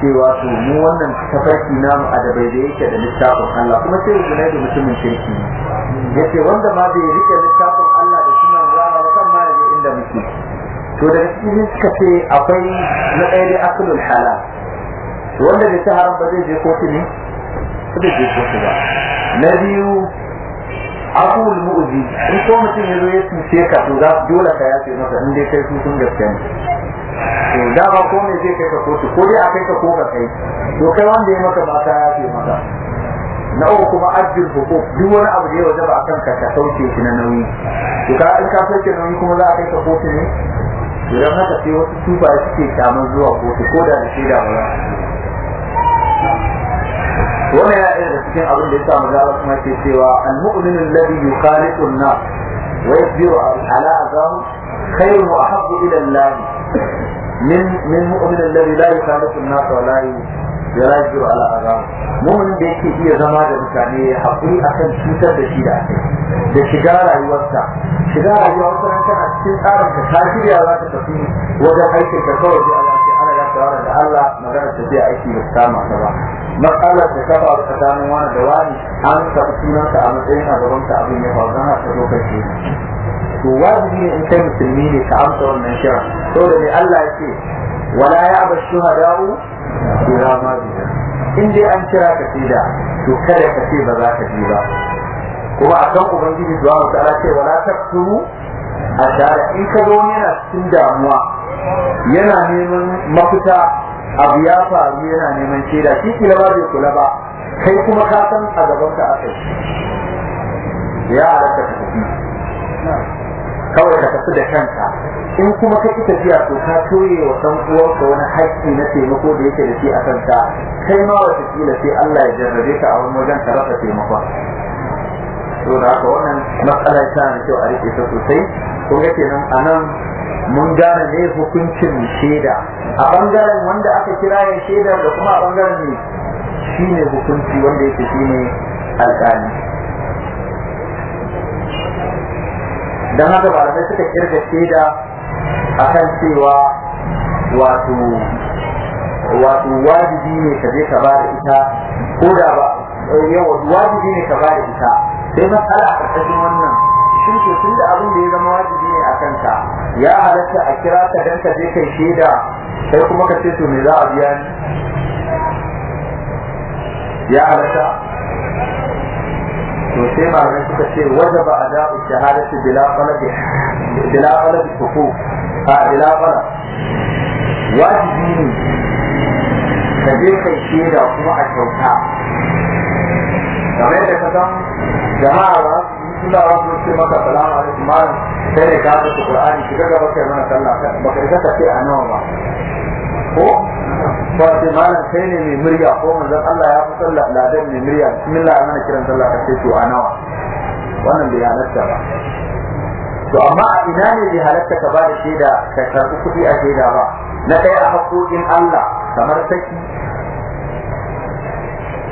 cewa to mu wannan tafarki namu a da bai da yake da littafin Allah kuma shehu junaidu mutumin kirki Ya yace wanda ma bai rike littafin Allah da sunan Allah ba kan ma je inda muke to da cikin suka ce akwai na ɗaya dai aklul halal wanda bai ci haram ba zai je kotu ne ba zai je kotu ba na biyu abubuwan mu'uzi in ko mutum ya zo ya cuce ka to za dole ka yafe masa in dai kai sun gaske ne to ba ko me zai kai ka kotu ko dai a kai ka ko ka kai to kai wanda ya maka ba ya yafe masa na uku kuma ajiyar hukuk duk wani abu da ya ba a kan ka sauke shi na nauyi to ka in ka sauke nauyi kuma za a kai ka kotu ne idan haka sai wasu tuba suke kyamar zuwa kotu ko da da shaida ba Wani ya ɗaya da cikin abin da ya samu da kuma ke cewa al-mu'min alladhi yukhaliqu an-nas wa yasbiru ala azam khayru wa ahabbu ila Allah min min mu'min Ladi la yukhaliqu an-nas wa la yasbiru ala azam mu'min da yake iya zama da mutane ya haƙuri akan cutar da shi da ake da shiga rayuwarsa shiga rayuwarsa tana cikin tsarin ka ta shirya za ta tafi wajen aikin ka kawai sai Allah shawara da Allah magana tafiya aiki da kama ta ba matsalar da ta faru tsakanin wani da wani an samu sunanta a matsayin a gaban ta abin ya faru don haka lokaci to wajibi ne in kai musulmi ne ka amsa wannan kira da ne Allah ya ce wala ya shi aba shuhada'u ila ma in dai an kira ka da to kada ka ce ba za ka ji ba kuma a akan ubangiji zuwa ta'ala ce wala turu? a in ka zo yana cikin damuwa yana neman mafita abu ya faru yana neman shaida shi kila ba bai kula ba kai kuma ka san a gaban ka akai ya halatta ta tafi kawai ka tafi da kanka in kuma ka ki tafiya to ka toye wa san uwarka wani haƙƙi na taimako da yake da shi a kanka kai ma wata kila sai Allah ya jarrabe ka a wani wajen ka rasa taimakon to da haka wannan matsala ta da kyau a rike ta sosai ko ga kenan a nan mun gane ne hukuncin shaida a bangaren wanda aka kira ya shaida da kuma a bangaren ne shi ne hukunci wanda yake shi ne alƙali don haka ba da suka kirga shaida akan cewa wato wato wajibi ne ka je ka ba da ita ko da ba eh, yawa wajibi ne ka ba da ita sai matsala a ƙarƙashin wannan shi ke tun da abin da ya zama wajibi ne a kanka ya halatta a kira ka dan ka je kai shaida sai kuma ka ce to me za a biya ni ya halatta to sai malamai suka ce ba a da'u shahadatu bila qalabi bila qalabi huquq a bila qalab wajibi ne ka je kai shaida kuma a kyauta kamar da ka san jama'a ba suna ba su ce maka salamu alaikum malam sai ne ka ga qur'ani shiga ga kai mana sallah ba kai ka ce a nawa ba ko ba ce malam sai ne mai murya ko manzon Allah ya fi sallah ladan mai murya bismillah mana kiran sallah ka ce to a nawa wannan bai halatta ba to amma a ina ne bai halatta ka ba da shaida ka karɓi kuɗi a shaida ba na kai a haƙƙoƙin Allah kamar saki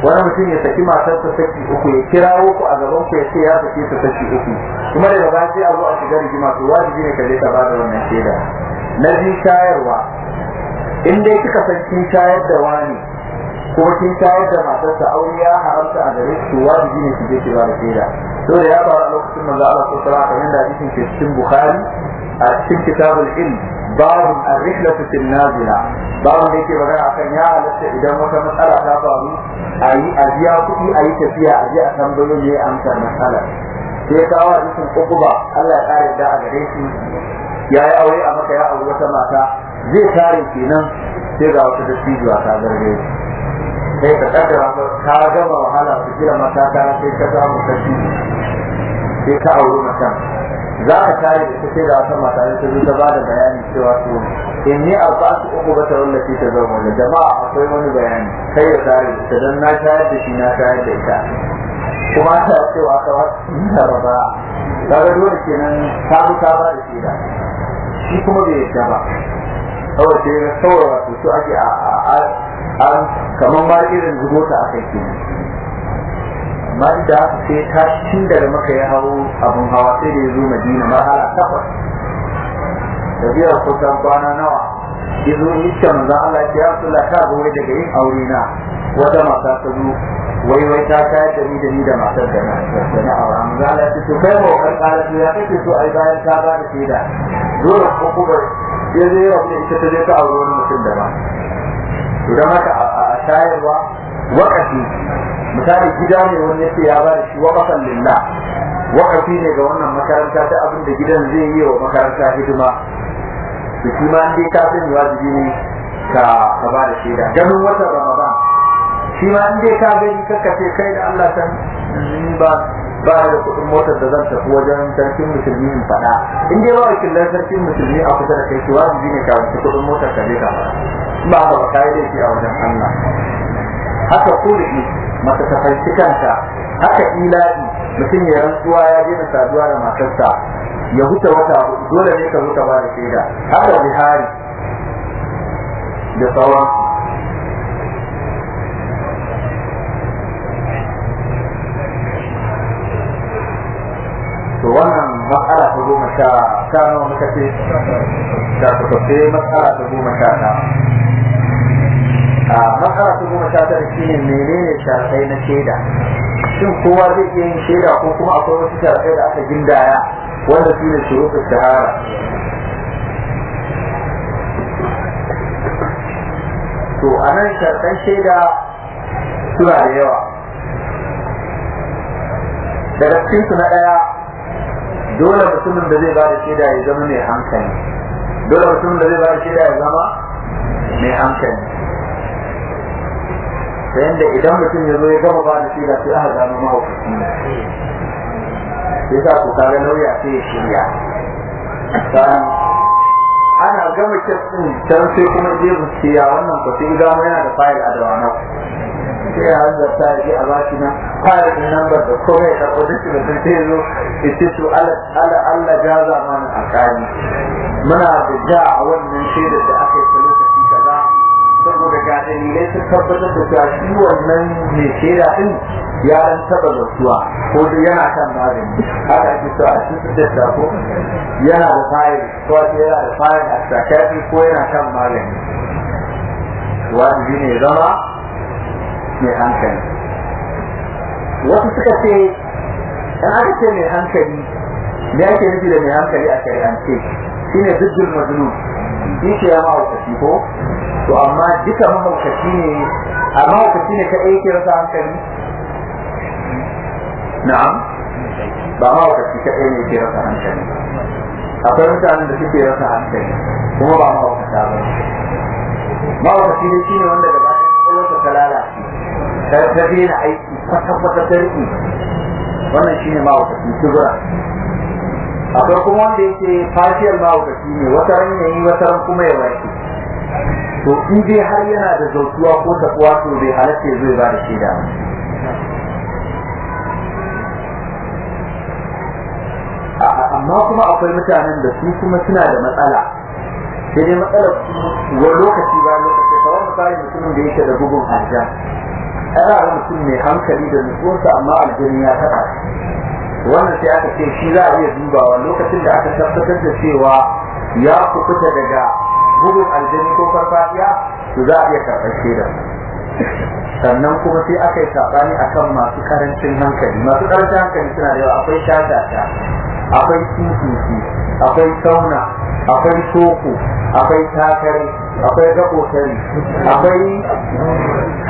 wani mutum ya saki matarsa saki uku ya kirawo ku a gaban ku ya ce ya saki ta saki uku kuma daga ba sai a zo a shiga rigima to wajibi ne ka je ka bada wannan shaida na biyu shayarwa in dai kika san kin shayar da wani ko kin shayar da matarsa aure ya haramta a gare shi wajibi ne ki je ki ba da shaida to da ya faru a lokacin manzo Allah ko alaihi wasallam yanda da hadisin cikin Bukhari a cikin kitabul ilm babu ar Rihla fil nazila babu da yake magana akan ya halatta idan wata matsala ta faru a yi a biya kuɗi a yi tafiya a je a ya ne amsa matsala sai kawo hadisin ukuba Allah ya kare da a gare shi ya yi aure a maka ya aure wata mata zai kare kenan sai ga wata dattijuwa ta gargaje sai ka kaddara ka gama wahala su jira matata sai ka samu kashi sai ka auri mutum za ka tare da ta sai da wata mata ta zo ta ba da bayani cewa to in ni a ba su uku bata wallafi ta zama da jama'a akwai wani bayani kai ya tare ta ita don na tayar da shi na tayar da ita kuma ta cewa ta wata raba ta ga dole kenan ta bi ta ba da shi da shi kuma bai yadda ba kawai sai kawai wato su ake a an kamar ma irin zubo ta aka yi amma da aka sai ta tun da maka ya hau abin hawa sai da ya zo madina marhala takwas da biyar kusan kwana nawa ya zo iska manzan Allah ya ya rasu ta ga wai daga yin aure na wata mata ta zo wai wai ta kayar da ni da ni da matar da na aura manzan Allah su kai ma wakar kala su ya kake so ai bayan ta ba da da dole hukumar ya zai wa da ita ta je ta aure wani mutum da ba idan haka a shayarwa wakafi misali gida ne wani yake ya ba shi waqafan lilla. wakafi ne ga wannan makaranta ta abin da gidan zai yi wa makaranta hidima da shi ma dai ka sani wajibi ne ka ka ba da shaida ganin wata ramadan shi ma dai ka gani kakkace kai da Allah san mm, ba ba da kuɗin motar da zan tafi wajen sarkin musulmi in faɗa in dai ba wakilan sarkin musulmi a kusa da kai shi wajibi ne ka wuce kuɗin motar ka je ba ba ba kai dai a wajen Allah haka kulli mata ta kanta haka ila'i mutum ya rantsuwa ya daina saduwa da matarsa ya huta wata dole ne ka huta ba da shaida haka bihari da sauransu to wannan matsala ta goma sha ta nawa muka ce ta kuka ce matsala ta goma sha ta a ah, matsala ta goma sha ta da shi ne menene sharɗai na shaida shin kowa zai iya yin shaida ko kuma akwai wasu sharɗai da aka gindaya wanda su ne shurufin shahara to a nan sharɗan shaida suna da yawa daga cikinsu na ɗaya dole mutumin da zai ba da shaida ya zama mai hankali dole mutumin da zai ba da shaida ya zama mai hankali ta yadda idan mutum ya zo ya gama ba da shaida sai aka gano mahaukaci ya sa ku kare lauya sai ya shirya ana gama kes din can sai kuma je mu ce ya wannan ko sai gama yana da fayil a dawana sai ya hanzar ta yi a bashi na fayil din number da komai da kodin shi da sun ce zo ita su ala Allah gaza mana a kani muna da ja a wannan shaidar da aka saboda ga dalilai su tabbatar da cewa shi wannan mai shaida din ya dan taba zartuwa ko dai yana kan magani haka ake cewa a cikin da sako yana da fayil ko a ce yana da fayil a sakati ko yana kan magani Wani wajibi ne zama mai hankali wasu suka ce an aka ce mai hankali me ake nufi da mai hankali a shari'ance shine dukkan majnun shi ke ya ma'aikaci ko to amma duka mahaukaci ne a mahaukaci ne ka aiki rasa hankali na'am ba mahaukaci ka ɗaya ne ke rasa hankali akwai mutanen da suke rasa hankali kuma ba mahaukata ba mahaukaci ne shine wanda da ɗaya kwakwalwarsa ta lalace ta ta daina aiki kwata-kwata ta riƙe wannan shine mahaukaci tubura akwai kuma wanda yake partial mahaukaci ne wata ran yayi wata ran kuma ya warke to in dai har yana da zautuwa ko tafuwa to bai halatta zai ba da shaida amma kuma akwai mutanen da su kuma suna da matsala sai dai matsalar wa lokaci ba lokaci kawai misali mutumin da yake da bugun aljan ana mutum mai hankali da nutsuwarsa amma aljani ya taɓa wannan sai aka ce shi za a iya dubawa lokacin da aka tabbatar da cewa ya kukuta daga gudun aljini ko farfadiya su za a iya karɓar shaida sannan kuma sai aka yi saɓani akan masu karancin hankali masu karancin hankali suna da yawa akwai shagata akwai tsinkinki akwai sauna akwai soko akwai takari akwai gabotari akwai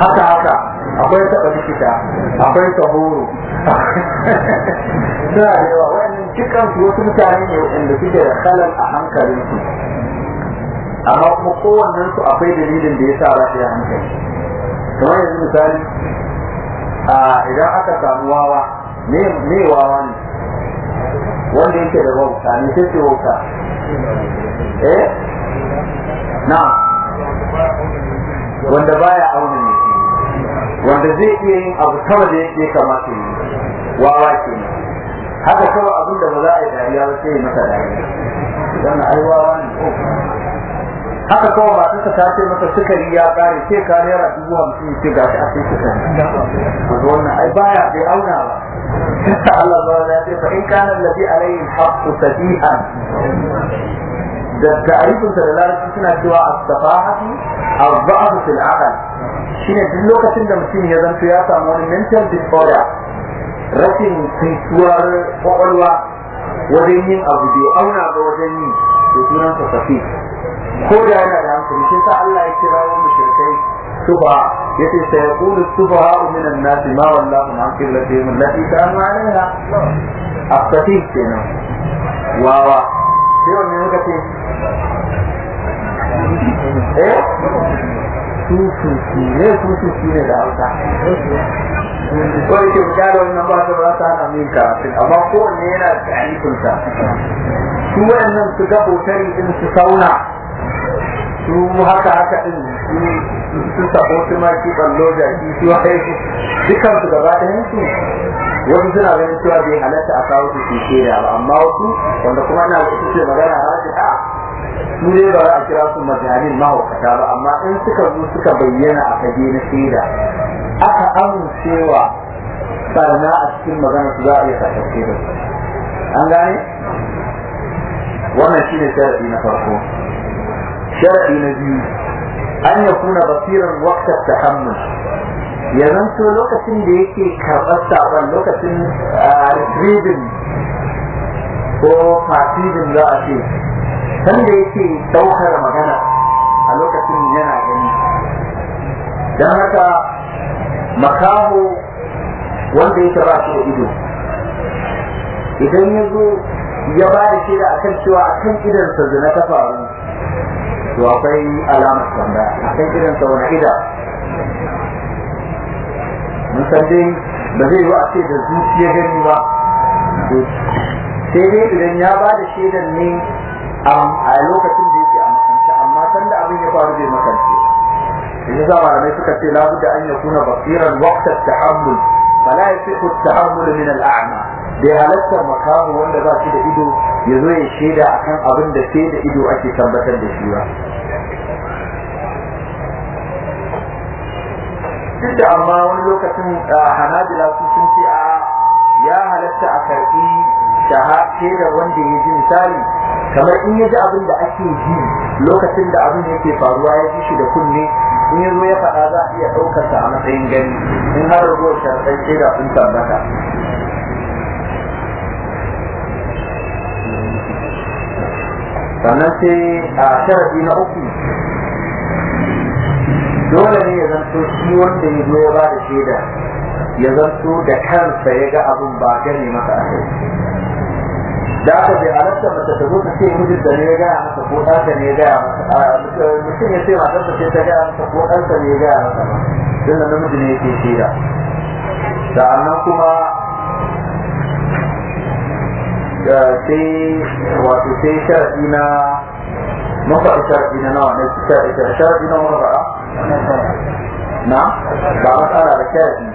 haka haka akwai taɓa likita akwai sahoro (laughs) suna da yawa wani cikin wasu mutane ne wanda suke da kalan a hankalinsu amma kuma kowannen su akwai dalilin da ya sa ba shi hankali kamar yanzu misali idan aka samu wawa me wawa ne wanda yake da wauta ne sai ce wauta eh na wanda baya auna ne wanda zai iya yin abu kama da yake kamata yi wawa ke ne haka kawai abin da ba za a yi dariya ba sai ya masa dariya don ai wawa ne haka kuma matarsa ta ce masa sukari ya kare ce ka naira dubu hamsin ce ga shi a cikin sukari wannan ai baya bai auna ba ta Allah ba ya ce fa in kana allazi alayhi alhaqqu sadi'an da ta'arifin da larabci suna cewa as-safahatu ar-ra'd fil aqal shine duk lokacin da mutum ya zanto ya samu wani mental disorder rashin tuntuwar kwakwalwa wajen yin abu bai auna ba wajen yi to sa safi ko da yana da hankali shi sa Allah ya kira wa mushrikai sufa yace sai yaqulu sufaha min an-nas ma wallahu an qiblatihim allati kanu alaiha afsatih kenan wawa sai wannan muka ce eh su tututu ne su tututu ne da hausa ko da ke bukada wannan ba ta ba ta hana min kafin amma kowanne yana da alifinsa su waɗannan su ga hotari din su sauna su haka haka din su sako su ma ki ballo da ki su hai su dukkan su gaba ɗayan su wani suna ganin cewa bai halatta a kawo su ke da ba amma wasu wanda kuma ina da su ce magana a da a su ne ba a kira su majalin mahaukata ba amma in suka zo suka bayyana a kaje na shaida aka amincewa barna a cikin magana su za a iya sakasce da su an gane wannan shine sharadi na farko sharadi na biyu an ya kuna basiran waqta tahammul ya zanto lokacin da yake karɓar sabon lokacin retrieving ko passiving za ce sanda yake ɗaukar magana a lokacin yana gani don haka makaho wanda yake ba shi da ido idan ya zo ya bada da a akan cewa akan idansa zina ta faru to akwai alamar tambaya akan irin sa wani ida mun san dai ba zai yi a ce da zuciya gani ba sai dai idan ya ba da shaidar ne a lokacin da yake a makance amma sanda abin ya faru bai makance yanzu malamai suka ce labudda an yakuna basiran waqta tahammul fala yasihu at-tahammul min al-a'ma bai halatta makamu wanda ba shi da ido ya zo ya shaida akan abin da sai da ido ake tabbatar da shi ba duk da amma wani lokacin hanabila su sun ce a ya halatta a karɓi shaidar wanda ya ji misali kamar in ya ji abin da ake ji lokacin da abin yake faruwa ya ji shi da kunne in ya zo ya faɗa za a iya ɗaukarsa a matsayin gani in har ruwan sharɗan shaida sun tabbata sannan sai a sharafi na uku dole ne ya zanto shi wanda ya zo ya ba da shaida ya zanto da kansa ya ga abun ba gani maka a kai da aka bai halatta mace ta zo ta ce mijin da ne ya gaya masa ko ɗansa ne ya gaya masa mutum ya ce matarsa ce ta gaya masa ko ɗansa ne ya gaya masa tunda namiji ne yake shaida sa'annan kuma sai wato sai sharadi na mun faɗi sharadi na nawa ne sharadi na sharadi na wani ba'a na ba matsala da sharadi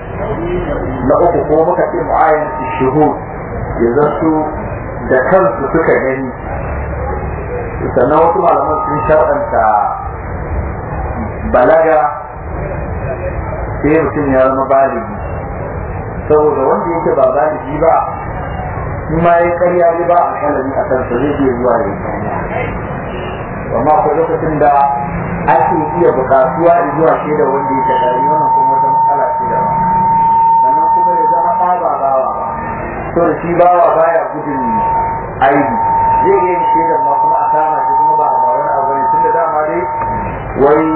na uku ko muka ce mu'ayan shuhud ya zanto da kansu suka gani sannan wasu malaman sun sharɗanta balaga sai mutum ya zama baligi saboda wanda yake ba baligi ba in ma yi karya ne ba a shalami a kansa zai iya zuwa ya yi amma akwai lokacin da ake iya bukatuwa zuwa shi da wanda ya shakari wannan kuma wata matsala ce da ba sannan kuma ya zama tsaba bawa ba to da shi bawa baya gudun aibi zai iya yin shaidar ma kuma a kama shi kuma ba ba wani abu ne tunda dama dai wai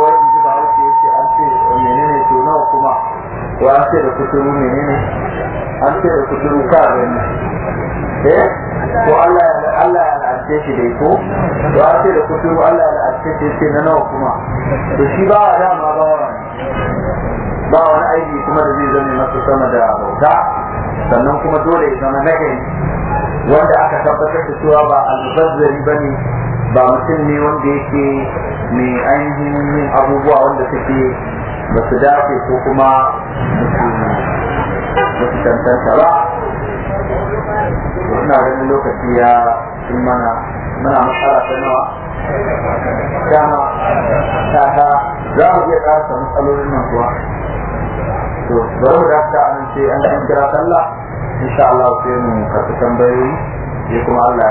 wai ji ba wuce ya an ce menene to nawa kuma wa ce da kuturu menene an ce da ku ka gani eh ko Allah ya Allah ya shi dai ko to an ce da ku shiru Allah ya la'ace shi sai na nawa kuma to shi ba dama ba wani ba wani aiki kuma da zai zama masa sama da bauta sannan kuma dole ya zama nagari wanda aka tabbatar da cewa ba albazzari ba ne ba mutum ne wanda yake mai ainihin abubuwa wanda suke ba su dace ko kuma lokacin sarka ba ina ganin lokaci ya mana muna matsala ta nawa dama ta ta za mu iya ƙarasa matsalolin nan kuwa to bari mu ya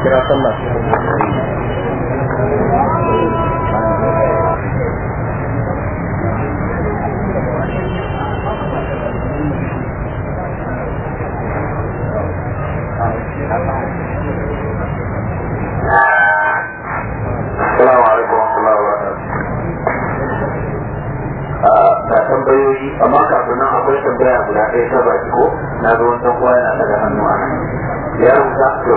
kai mu mun amma kafin nan akwai tambaya guda ɗaya ta baki ko na zo wancan kuwa yana daga hannu a nan ya rubuta to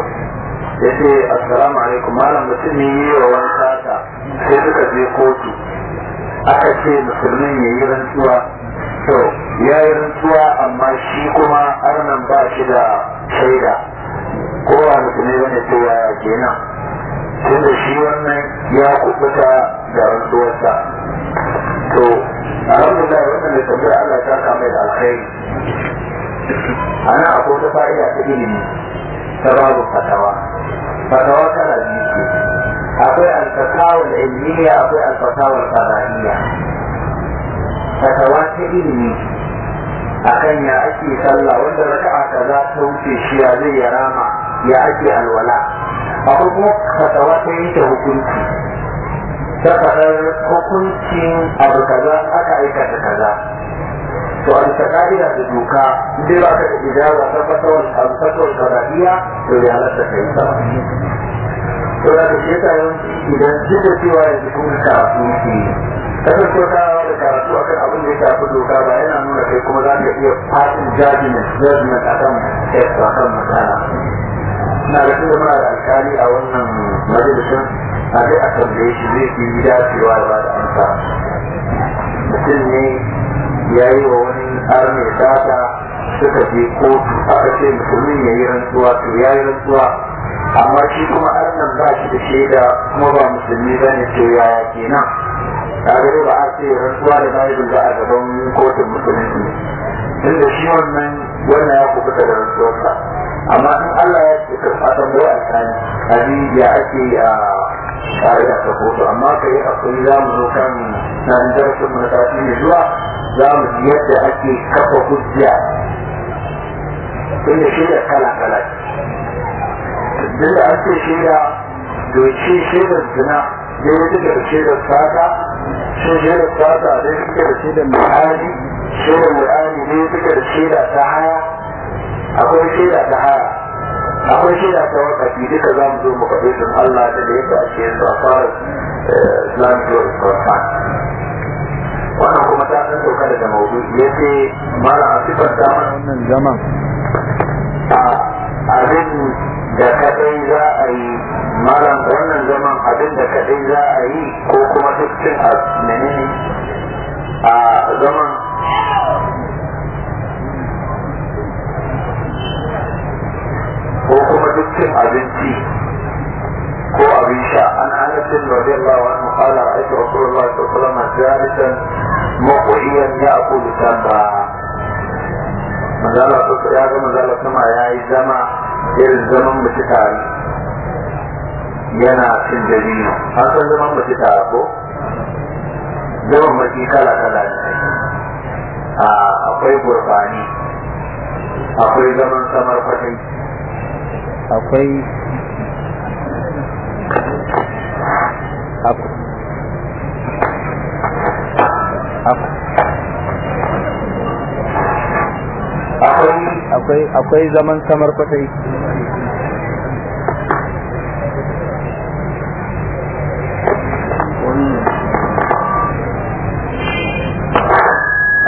ya ce assalamu alaikum malam mutum ne yi wa wani sata sai suka je kotu aka ce musulmin ya yi rantsuwa to ya yi rantsuwa amma shi kuma har nan ba shi da shaida kowa musulmi bane ce ya kenan tunda shi wannan ya kubuta da rantsuwarsa to alhamdulillah wanda mai tambaya Allah ta kama da alkhairi ana akwai ta fa'ida ta ilimi ta babu fatawa fatawa tana biyu akwai alfasawar ilmiya akwai alfasawar sabaniya fatawa ta ilimi A kan ya ake sallah wanda raka'a za ta wuce shi ya zai ya rama ya ake alwala akwai kuma fatawa ta ta hukunci ta faɗar hukuncin abu kaza aka aikata kaza to a bisa ka'ida da doka da ba ka da ba ta wani abu fatawar kazafiya to ya lasa ka yi ta to da ka ta tayo idan shi da cewa yanzu kun karatu ke kasancewa ta da karatu akan abin da ya shafi doka ba yana nuna kai kuma za ka iya fasin kan ya akan a kan makana na da kuma muna da alkali a wannan majalisun a zai a tambaye shi zai fi dacewa da ba da amsa mutum ne ya yi wa wani arme data suka je kotu aka ce musulmi ya yi rantsuwa to ya yi rantsuwa amma shi kuma arnan ba shi da shaida kuma ba musulmi ba ne to yaya kenan ta gari ba a ce rantsuwa da bible ba a gaban kotun musulunci inda shi wannan wannan ya kubuta da rantsuwarsa amma in Allah ya ce ka tambaye alƙali abin ya ake a tare da kafoto amma ka yi akwai za mu zo kan na darasin mu na sati mai zuwa za mu ji yadda ake kafa hujja inda shaida kala kala duk da an ce shaida doce shaidar zina daidai da shaidar fata shin shaidar fata daidai da shaidar mu'ani, hali shaidar mu'ani hali daidai da shaida ta haya akwai shaida ta haya akwai shaida ta wakati duka za mu zo mu faɗe sun Allah da da yadda ake yin su a fara eh, Islamic Law Enforcement wannan kuma ta san sauka daga maudu ya ce mara a sifar ta wannan zaman a abin da kadai za a yi mara wannan zaman abin da kadai za a yi ko kuma duk cin a menene a zaman wajen cin abinci ko abin sha an anasin radiyallahu anhu qala ra'aytu rasulullahi sallallahu alaihi wasallam jalisan muqiyan ya'kulu tamba manzala to ya ga sama ya yi zama irin zaman mutu tare yana cin dabino an san zaman mutu tare ko zaman mutu kala kala ne ah, akwai gurbani akwai zaman samar fatai akwai akwai zaman samar kwatai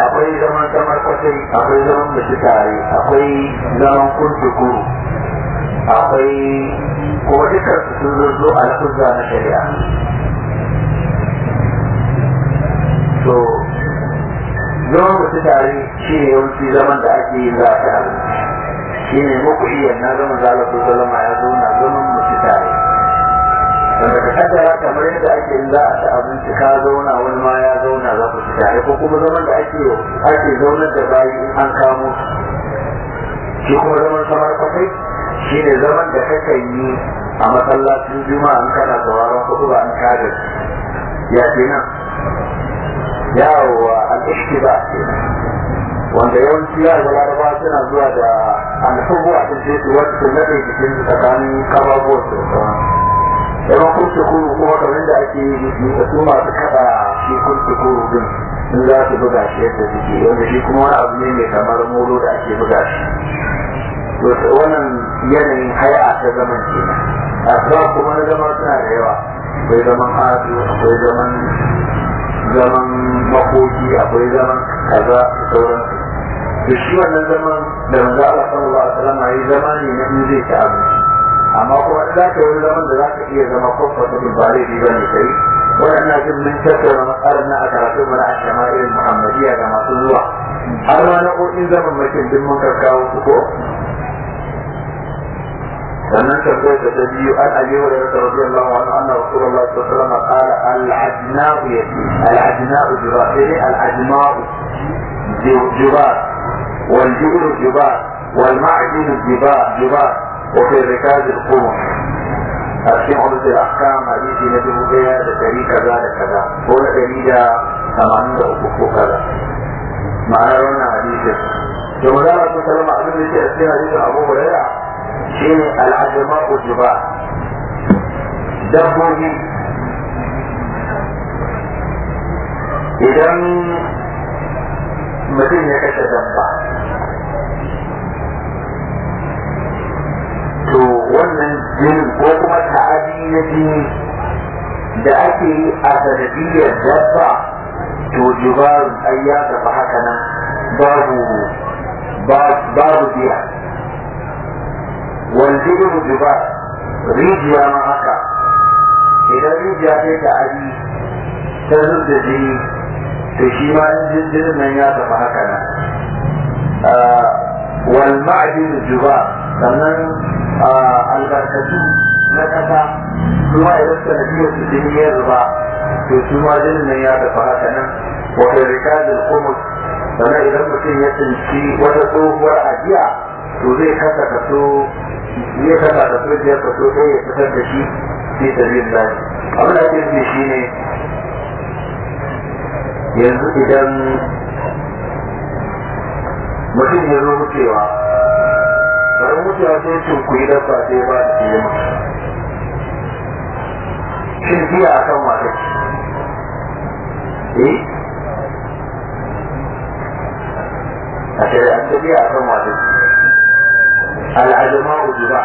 akwai zaman samar kwatai akwai zaman mace tare akwai zaman kurtuku akwai kuma dukkan sun zo a lafuzza na shari'a so yawan mutu tare shi ne yawanci zaman da ake yi za a tare shi ne muku iya na zaman za a lafuzza lama ya zo na zaman mutu tare wanda ka ya kamar yadda ake yin za a ta abinci ka zauna wani ma ya zauna za ku ci tare ko kuma zaman da ake ake zaunar da bayi in an kamo shi kuma zaman samar kwafai shi ne zaman da kakan yi a masallacin juma'a an kana sauraron kudu an kada ya ke nan yawa al'ishtiba ke wanda yawanci ya ga laraba suna zuwa da alhubu a cikin su wata su nade jikin tsakanin kababuwar su yawan kurtukuru kuma kamar da ake yi da su masu kada shi kurtukuru din sun za su buga shi yadda suke wanda shi kuma wani abu ne mai kamar molo da ake buga shi wannan yanayin a ta zaman kenan asba kuma na zama suna da yawa akwai zaman asu akwai zaman zaman makoki akwai zaman kaza sauran da shi wannan zaman da manzo Allah sallallahu alaihi wasallam yayi zama ne na in zai ta abu amma kuma za ka yi zaman da za ka iya zama kwakwata da ba laifi ba ne kai waɗannan jin mun tattauna matsalar na a karatu mana a shama'il muhammadiyya ga masu zuwa har ma in zaman makin duk mun kakkawo su ko sannan tambayar ta biyu an abi wa rarrata radiyallahu anhu anna rasulullahi sallallahu alaihi wasallam qala al-ajna'u yati al-ajna'u jibaa sai al-ajma'u jibaa wal jibru jibaa wal ma'dinu jibaa jibaa wa fi rikaz al-qum cikin ordin al-ahkam hadisi na dubu daya da dari kaza da kaza ko na dari da tamanin da uku ko kaza ma'anar wannan hadisin da mu za a kusa lama abin da ke a cikin hadisin abu hurairah shi ne al'adama ujuba dabbobi idan mutum ya kashe dabba to wannan jini ko kuma ta'adi na jini da ake yi a sanadiyar dabba to jibarun ai ya gaba haka nan babu babu biya yi mu الجبال rijiya ma haka idan rijiya ta yi ta'adi ta zub da jini to shi ma in jirgin nan ya tafi haka nan wal ma'adin juba sannan albarkatu na kasa kuma idan ta nafiya su jini ya zuba to shi ma jirgin nan ya tafi haka nan wa kai rikadin kumus sannan idan mutum ya tsinci wata tsohuwar ajiya to zai kasa kaso ya kasa kaso biyar kaso sai ya fitar da shi fi sabin lahi abin da ake nufi shi ne yanzu idan mutum ya zo wucewa bari wucewa sai cin kuyi ba sai ba da shi yamma shin biya a kan wata eh a shari'a biya a kan wata al'ajama'u zuba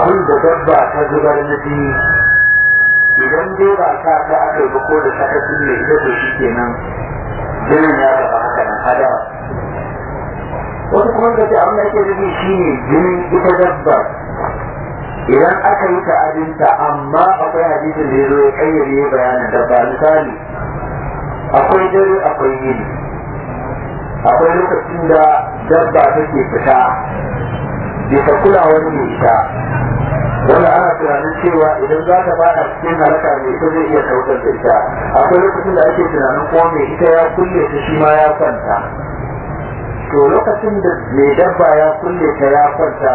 abin da dabba ta zubar na jini idan dai ba ta ta aka yi ko da sakacin mai ita to shi ke nan, jinin ya gaba haka nan hada wasu kuma da abin da ake nufi shi ne jinin ita dabba idan aka yi ta abinta amma akwai hadisin da ya zo ya kayyade bayanin dabba misali akwai dare akwai yini akwai lokacin da dabba take fita bisa kulawar mai wanda ana tunanin cewa idan za ta bada cikin halitta mai ita zai iya saukar da ita akwai lokacin da ake tunanin kuma mai ita ya kulle ta shi ma ya kwanta to lokacin da mai dabba ya kulle ta ya kwanta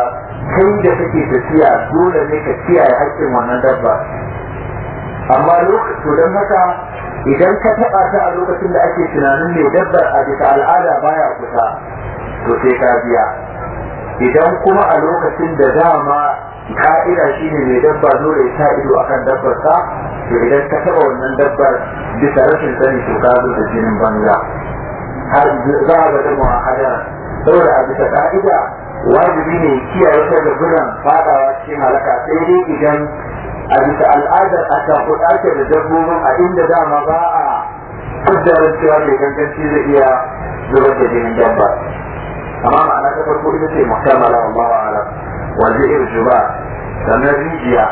kai da kake tafiya dole ne ka kiyaye haƙƙin wannan dabba amma lokacin don haka idan ka taɓa ta a lokacin da ake tunanin mai dabbar a bisa al'ada baya kusa to sai ka biya idan kuma a lokacin da dama ka'ida shi ne mai dabba dole ya sa ido akan dabbar sa to idan ka taɓa wannan dabbar bisa rashin sani to ka zo da jinin banza har za a mu a hadara saboda a bisa ka'ida wajibi ne kiyaye ta da gudan fadawa cikin halaka sai dai idan a bisa al'adar a ta kuɗace da dabbobin a inda dama ba a cewa mai ganganci zai iya zubar da jinin dabbar amma ma'ana ta farko ita ce muhtamala wallahu a'lam wa zai'ir juba sannan rijiya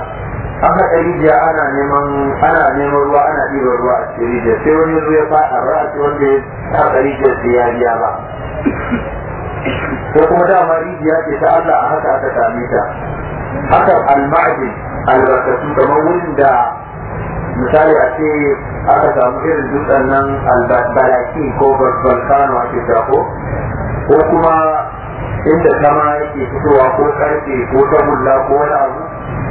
an haɗa rijiya ana neman ana neman ruwa ana ɗiba ruwa a cikin rijiya sai wani ruwa ya faɗa ra'asi wanda ya haɗa rijiyar sai ya biya ba Ko kuma dama rijiya ce ta Allah a haka aka same ta haka al al albarkatu kamar wurin da misali a ce aka samu irin dutsen nan albalaki ko volcano ake ko ko kuma inda sama yake fitowa ko karfe ko tagulla ko wani abu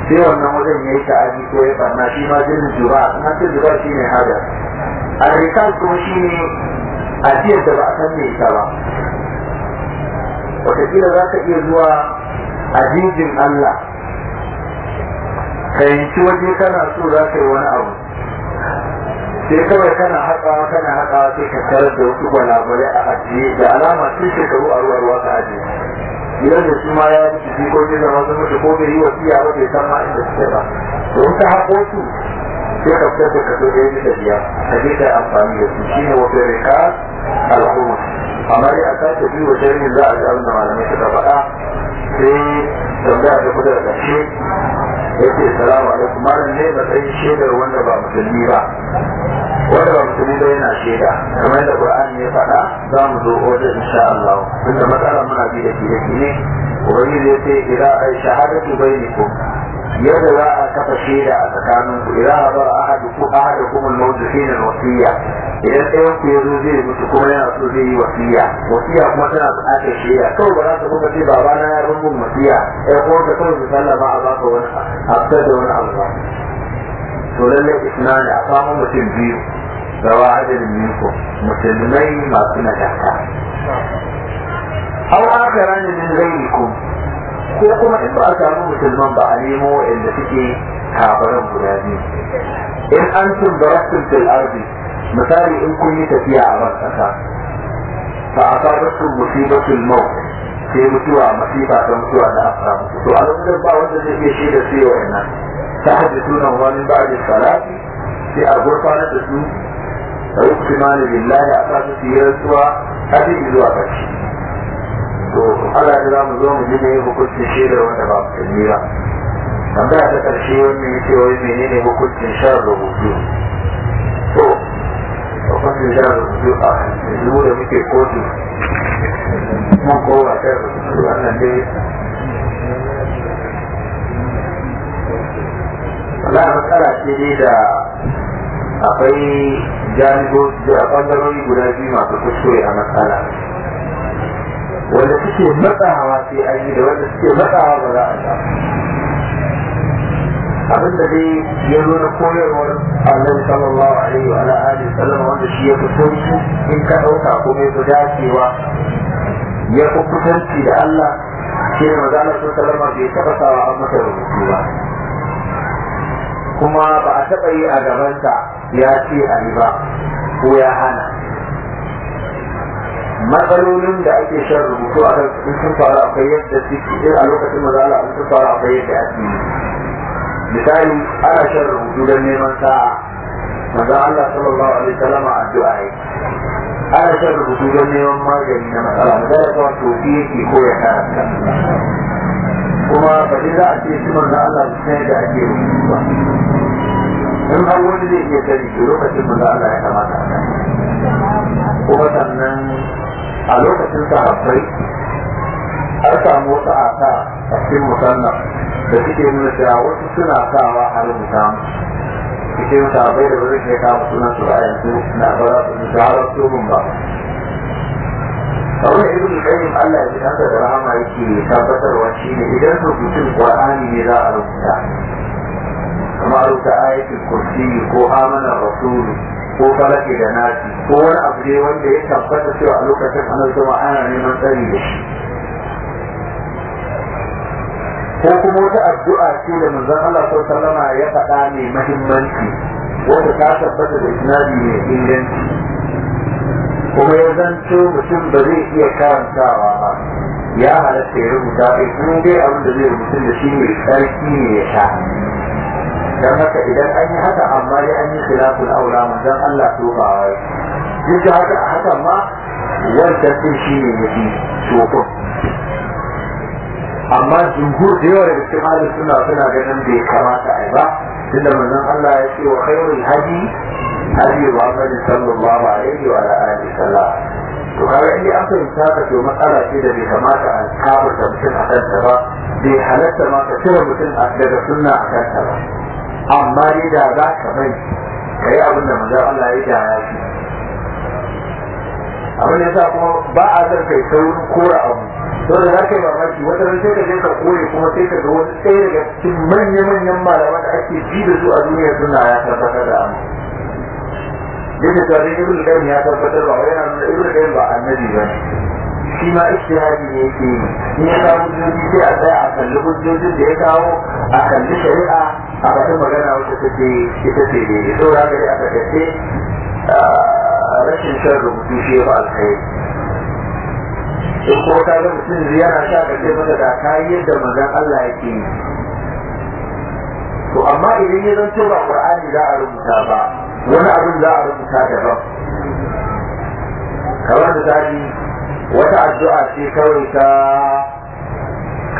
sai wannan wajen ya yi sha'adi ko ya barna shi ma jirgin juba in an ce juba shi ne hada a rikal kuma shi ne ajiyar da ba a san me ita ba wataƙila za ka iya zuwa jirgin Allah ka yanki waje kana so za ka yi wani abu sai kawai kana haƙawa kana haƙawa sai ka tarar da wasu gwalagwale a ajiye da alama tun shekaru a ruwa ruwa ta ajiye idan da su ma ya mutu jikokin zama sun mutu ko bai yi wasiya ba bai san ma inda suke ba don ta haƙo su sai ka fitar da kaso ɗaya bisa biyar ka je ka yi amfani da su shine wa Rika al'umma amma dai a sake biyu wa jirgin za a ji abin da malamai suka faɗa sai tambaya da kudar ƙarshe ya ce salamu alaikum malam ne ba sai shaidar wanda ba musulmi ba wanda ba musulmi ba yana shaida kamar yadda Qur'ani ya faɗa za mu zo wajen insha Allah tunda matsalar muna bi da ke da ke ne ubangiji ya ce ila ai shahadatu ko. yadda za a kafa shaida a tsakanin ku idan a bar ahadu ko kuma mawdu shi idan ɗayan ya zo zai mutu kuma yana so zai yi wasiya wasiya kuma tana buƙatar shaida kawai ba za ka kuma ce baba ya rubu wasiya ya a baka wani da wani abu ba a mutum biyu rawa masu nagarta. Hau aka rani ko kuma in ba a samu musulman ba a nemo inda suke kafaran guda biyu in an cin barastun fil ardi misali in kun yi tafiya a masaka fa a sabatun musibatul mau sai mutuwa masifa ta mutuwa da aka mutu to a lokacin ba wanda zai iya shi da su ta hajjatu sunan wani ba da salati sai a gurfanar da su a da rukumani billahi a kasu su yi rantsuwa har zuwa ƙarshe to Allah ya zamu zo mu ji ne hukuncin shaidar wanda ba musulmi ba tambaya ta karshe wannan yace wai menene hukuncin shan rubutu to hukuncin shan rubutu a yanzu da muke kotu mun kowa ta rubutu wannan dai wannan matsala ce dai da akwai jami'o da bangarori guda biyu masu kuskure a matsala wanda suke matsawa sai an yi da wanda suke matsawa ba za a sha abin da dai ya zo na koyarwar Allah sallallahu alaihi wa alihi sallam wanda shi ya fito shi in ka dauka ko mai fi dacewa ya fi da Allah shi ne maza Allah sallallahu alaihi bai taɓa sawa an masa rubutu ba kuma ba a taɓa yi a gabanta ya ce a ba ko ya hana matsalolin da ake shan rubutu a kan cikin sun faru akwai yadda suke in a lokacin mazala in sun faru akwai yadda ake yi misali ana shan rubutu don neman sa'a maza Allah sallallahu alaihi salama a addu'a yi ana shan rubutu don neman magani na matsala da ya kawo tofi yake ko ya karanta kuma ba zai za a ce shi manzo Allah su sai da ake rubutu ba in har wani zai iya sani to lokacin manzo Allah ya kamata a sani cikin sahabbai an samu wasu asa a cikin musamman da suke nuna cewa wasu suna sawa a rubuta cikin sahabbai da wurin ke kama suna su a yanzu na ba za su shaharar tuhun ba kawai irin kayan Allah ya ji da rahama yake tabbatarwa shi ne idan rubutun Qur'ani ne za a rubuta kamar rubuta ayatul kursi ko amanar rasulu ko falaki da nasi ko wani abu ne wanda ya tabbata cewa a lokacin ana zama ana neman tsari da shi ko kuma wata addu'a ce da manzon Allah sallallahu sallama ya faɗa mai mahimmanci wanda ta tabbata da isnadi mai inganci kuma ya zanto mutum ba zai iya karantawa ba ya halatta ya rubuta kuma dai abin da zai rubuta da shi mai tsarki ne ya sha Dan haka idan an yi haka amma dai an yi khilafin aula manzon Allah to ba duk da haka a hakan ma wancan din shi ne yafi tofin amma jumhur da yawa daga cikin halin suna suna ganin bai kamata a yi ba tunda manzon Allah ya ce wa khairul hadi hadi wa amali sallallahu alaihi wa alihi sallam to kaga in an fahimta ka to matsala ce da bai kamata a kafa mutum a kanta ba bai halatta ma ka cire mutum daga sunna a kanta ba amma ne da za ka mai ka yi abin da manzan Allah ya gyara shi abin da yasa kuma ba a zan kai saurin kora abu to da za ka yi mamaki wata ran sai ka je ka kore kuma sai ka ga wani ɗaya daga cikin manya-manyan malaman da ake ji da su a duniya suna ya tabbatar da amma duk da tarihin ibn ya tabbatar ba wai yana nuna ibn ba annabi ba ne shi ma ishtihadi ne yake yi in ya kawo hujjoji sai a tsaya a kalli hujjojin da ya kawo a kalli shari'a a batun magana ce shi ita ce ne ya tsora gari a takaice rashin shan rubutu shi ya fi alkhairi in ko ka ga mutum yana sha ka ce da ka yi yadda manzon Allah yake yi to amma idan ya zanto ba Qur'ani za a rubuta ba wani abin za a rubuta daban kamar da tarihi wata addu'a ce kawai ta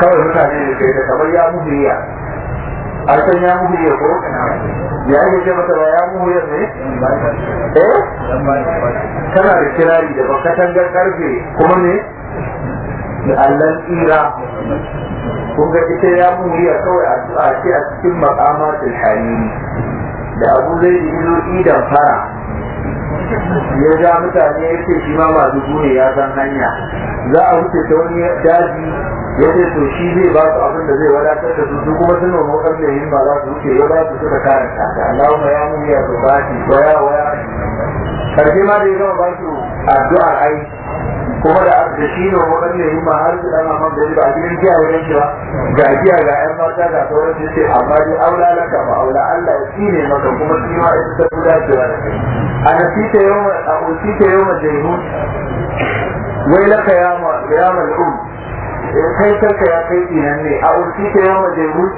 kawai mutane ne kai ta kamar ya muhuriya a san ya muhuriya ko ya yi ce mata ba ya muhuriya ne eh tana da kirari da bakatan ga karfe kuma ne da allan tsira kun ga ita ya muhuriya kawai addu'a ce a cikin makamatul hariri da abu zai yi idan fara ya ja mutane ya ce shi ma ba dubu ne ya san hanya za a wuce ta wani daji ya ce to shi zai ba su abin da zai wadatar da su su kuma sun nomo karfe yin ba za su wuce ya ba su suka karanta da Allahumma ya muni ya to ba shi waya waya Karfe ma da ya gama ba su addu'ar ai kuma da da shi ne wa ne yi ma har dan amma da ba gidan giya ya ganshi ba ga giya ga ƴan mata ga sauran su ce amma dai aula laka ba aula Allah shi ne maka kuma shi ma ita ta guda ce ba a nasita yau a usita yau ma jayhu wai laka ya ma ya mal'um eh, kai sarka ya kai dinan ne a usita yau ma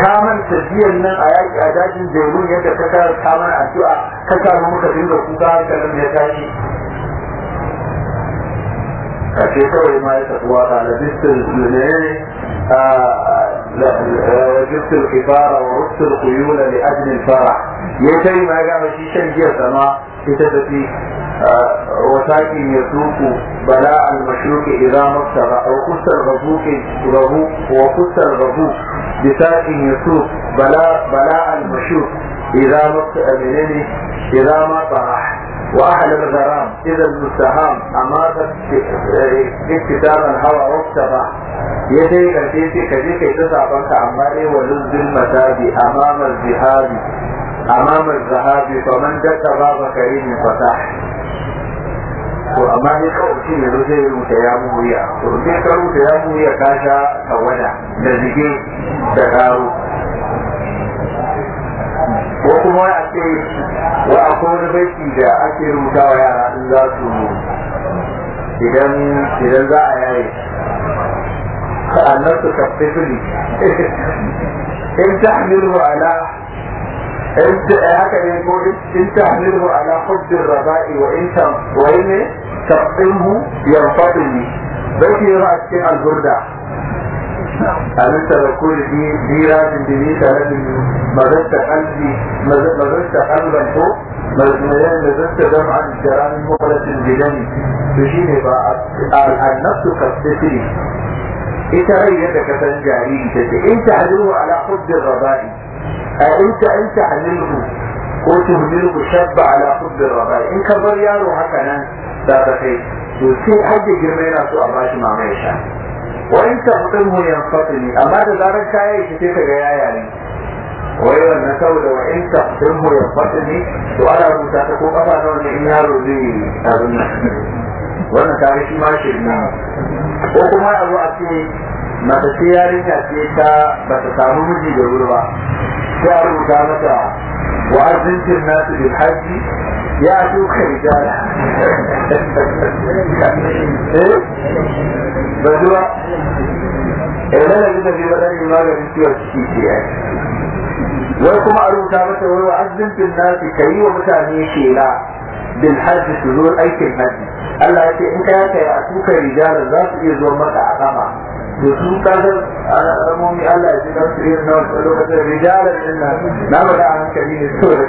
kamar ta tafiyan nan a yaki a dajin jayhu yadda ka kara a addu'a ka samu muka dinga kuka har da ya tashi ke kawai ma ya tafuwa da lajistin ne وجدت الكفار ورست الخيول لأجل الفرح يتي ما قام شي شنجي سما كتبتي آه، وساكن يسوق بلاء المشروق إذا مصر وقص الربوك ربوك وقص الربوك بساكن يسوق بلاء بلاء المشروق إذا مصر إذا ما طرح واحد الغرام اذا المستهام أمات اكتتابا هوى وكتبا يدي كثيتي كثيتي تسعبك أماري ولز المتابي امام الذهاب امام الذهاب فمن جت باب كريم فتح وأمامي كوتي لرجل متياموية ورجل كرو تياموية كاشا سودا نزجي تغارو ko kuma a ce wa akwai wani baiti da ake rubuta wa yara in za su idan idan za a yaye sa'annan su kafe fili in ta hamilu ala haka ne ko in ta hamilu ala hujjin raba'i wa in ta wai ne taɓinhu yanfadin ne baiti yana a cikin alburda هل انت لو كل دي دي لازم دي دي لازم مزجت قلبي مزجت قلبا فوق مزجت دمعا عن مخلص الجناني تجيني بقى النفس كالطفل انت غيرتك فنجاري انت عدو على حب الربائي انت انت حملته قلت هنلك شاب على حب الربائي ان كبر يارو هكذا لا تخيل وسي حد جميلة سؤال راشي ما ميشان wani tabbatar mu yan ne, amma da zarar kaya yake sai ka ga yaya ne wai wannan saboda wa in tabbatar mu yan fatini to ana rubuta ta ko kafa na wani in yaro zai abin nan wannan tare shi ma shi na ko kuma a zo a ce mata ce yarinya ce ta ba ta samu miji da wuri ba شهر أسامة وأذنت الناس بالحج يا شوخ رجالة (laughs) إيه؟ بدوا إلا لقد في بدن ما قلت وشيك يعني ولكم أروا أسامة ولو أذنت الناس كي ومتاني شيلا بالحج سلول أي كلمة الله يتعلم كيف أتوك رجالة ذات يزور مدى عظامة يكون قدر عمومي ألا يجب في النوم رجالا إلا نعمل عن كبير سورة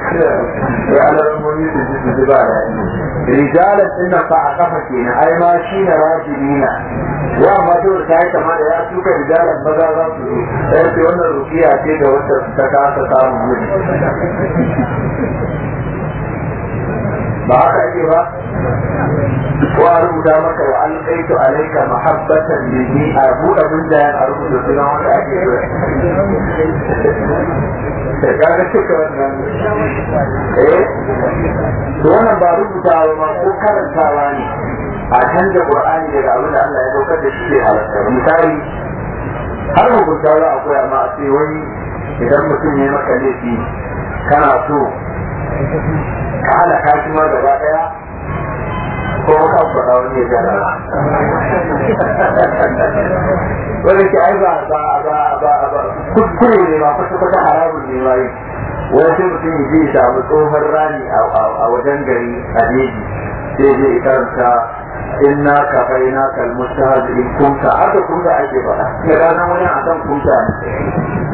على فعقفتين أي ماشينا راجلين وما دور تاي كمان يا سوك بدا رسول أي في أن الرقية تيجا وتتكاسة تعمل ba haka ake ba wa rubuta maka wa an kaito alaika mahabbatan minni a buɗe mun da a rubuta suna wanda ake yi da kaga cika wannan eh to wannan ba rubuta ba ma ko karantawa ne a canza qur'ani daga abin da Allah ya saukar da shi ke halatta misali har mu za a akwai amma a ce wani idan mutum ya maka laifi kana so ka ala shi ma gaba daya ko ka faɗa wani ya ba. Wani ke ai ba ba ba ba ba kuskure ne ba kusa kusa haramun ne ba yi wani mutum ya je samu tsohon rani a wajen gari a jeji sai zai karanta inna ka baina kal mustahadin kunta aka da ake faɗa da ranar wani a kan kunta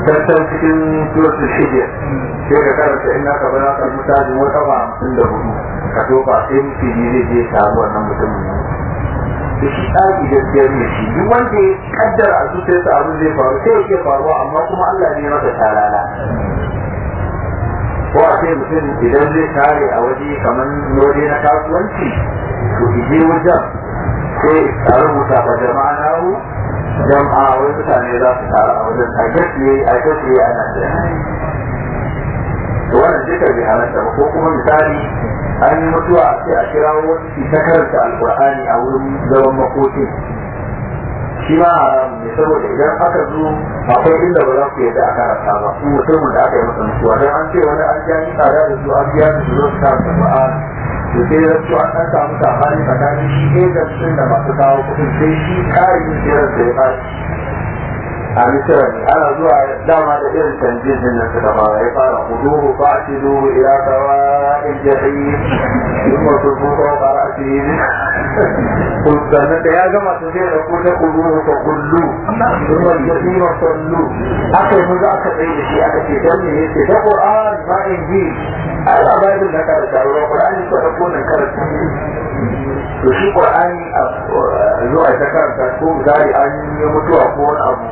tattan cikin suratul shidya sai ka karanta inna ka baina kal mustahadin wata ba hamsin da hudu ka ba sai mutum ne zai je samu wannan mutumin da shi tsaki gaskiyar da shi duk wanda ya kaddara a zuciyarsa abin zai faru sai yake faruwa amma kuma Allah ne masa tarala ko a ce mutum idan zai tare a waje kamar waje na kasuwanci to ki je wajen sai a rubuta ba jama'a na hu jama'a wai mutane za su tara a wajen a gaskiye a gaskiye ana da to wannan duka bai halatta ba ko kuma misali an yi mutuwa sai a kira wani ta karanta alkur'ani a wurin zaman makokin shi ma ne saboda idan aka zo akwai inda ba za ku yadda a karanta ba ko mutumin da aka yi masa mutuwa don an ce wani an ja tsada da su an biya su zo su karanta ba to sai ya rasu an ɗan samu sabani tsakanin shi ne da sun masu kawo sai shi kayan ya a misira ne ana zuwa dama da irin tanjizin nan suka fara ya fara kuduhu fa'tidu ila sawa'il jahim thumma tubu fawqa ra'sihi kun sannan da ya gama su sai da kuta kuduhu fa kullu thumma jahim sallu aka yi za aka tsaye da shi aka ce dan ne yace da qur'an ma in ji ala baibul da ka da qur'ani ko da kunan karatu to shi qur'ani zuwa ta karanta ko misali an yi mutuwa ko wani abu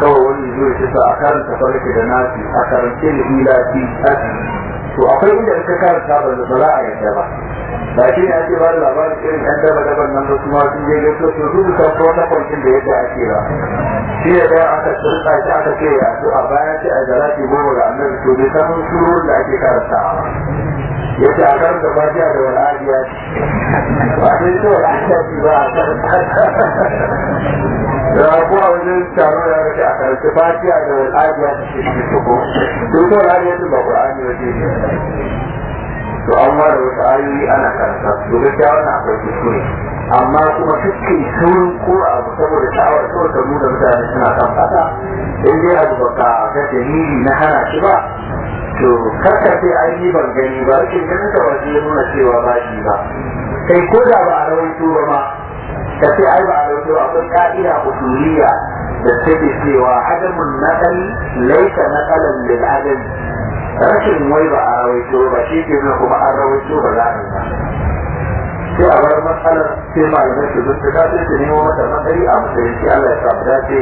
kawai wani zuwa ta sa a karanta farki da nasi a karance da ilafi to akwai inda in ka karanta ba da za a yadda ba ba shi ne ake ba da labarin irin yan daba daban nan da kuma sun je gaso to su ta ko wata kwancin da yadda ake ba shi ne ɗaya aka turka shi aka ce a to a baya ce a jarati goma ga annabi to bai san surun da ake karantawa yace a karanta fatiha da wani ajiya ba sai ce wani ajiya ce ba a karanta da ko a wajen taro da yake a karanta fatiha da wani ajiya ce ko to wani ajiya ce ba ƙur'ani ba ce to an ware wasu ayoyi ana karanta domin ta wani akwai kuskure amma kuma suke saurin ko abu saboda sha'awar kawai ta nuna mutane suna kan fata in dai abu ba ka ga dalili na hana shi ba to karka sai an yi ban gani ba rikin ganin ta waje ya nuna cewa ba shi ba kai ko da ba a rawaito ba ma ka sai ai ba a rawaito ba akwai ka'ida usuliya da take cewa adamun naƙali laifin naƙalan lil adami rashin wai ba a rawaito ba shi ke nuna kuma an rawaito ba za a yi sai a bar matsalar sai malamai su zuci ta sai su nemo mata matsayi a musulunci Allah ya sa mu dace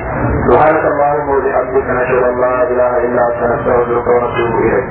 to har da ma mu da abu kana shi Allah la ilaha illa anta nastaghfiruka wa natubu ilayk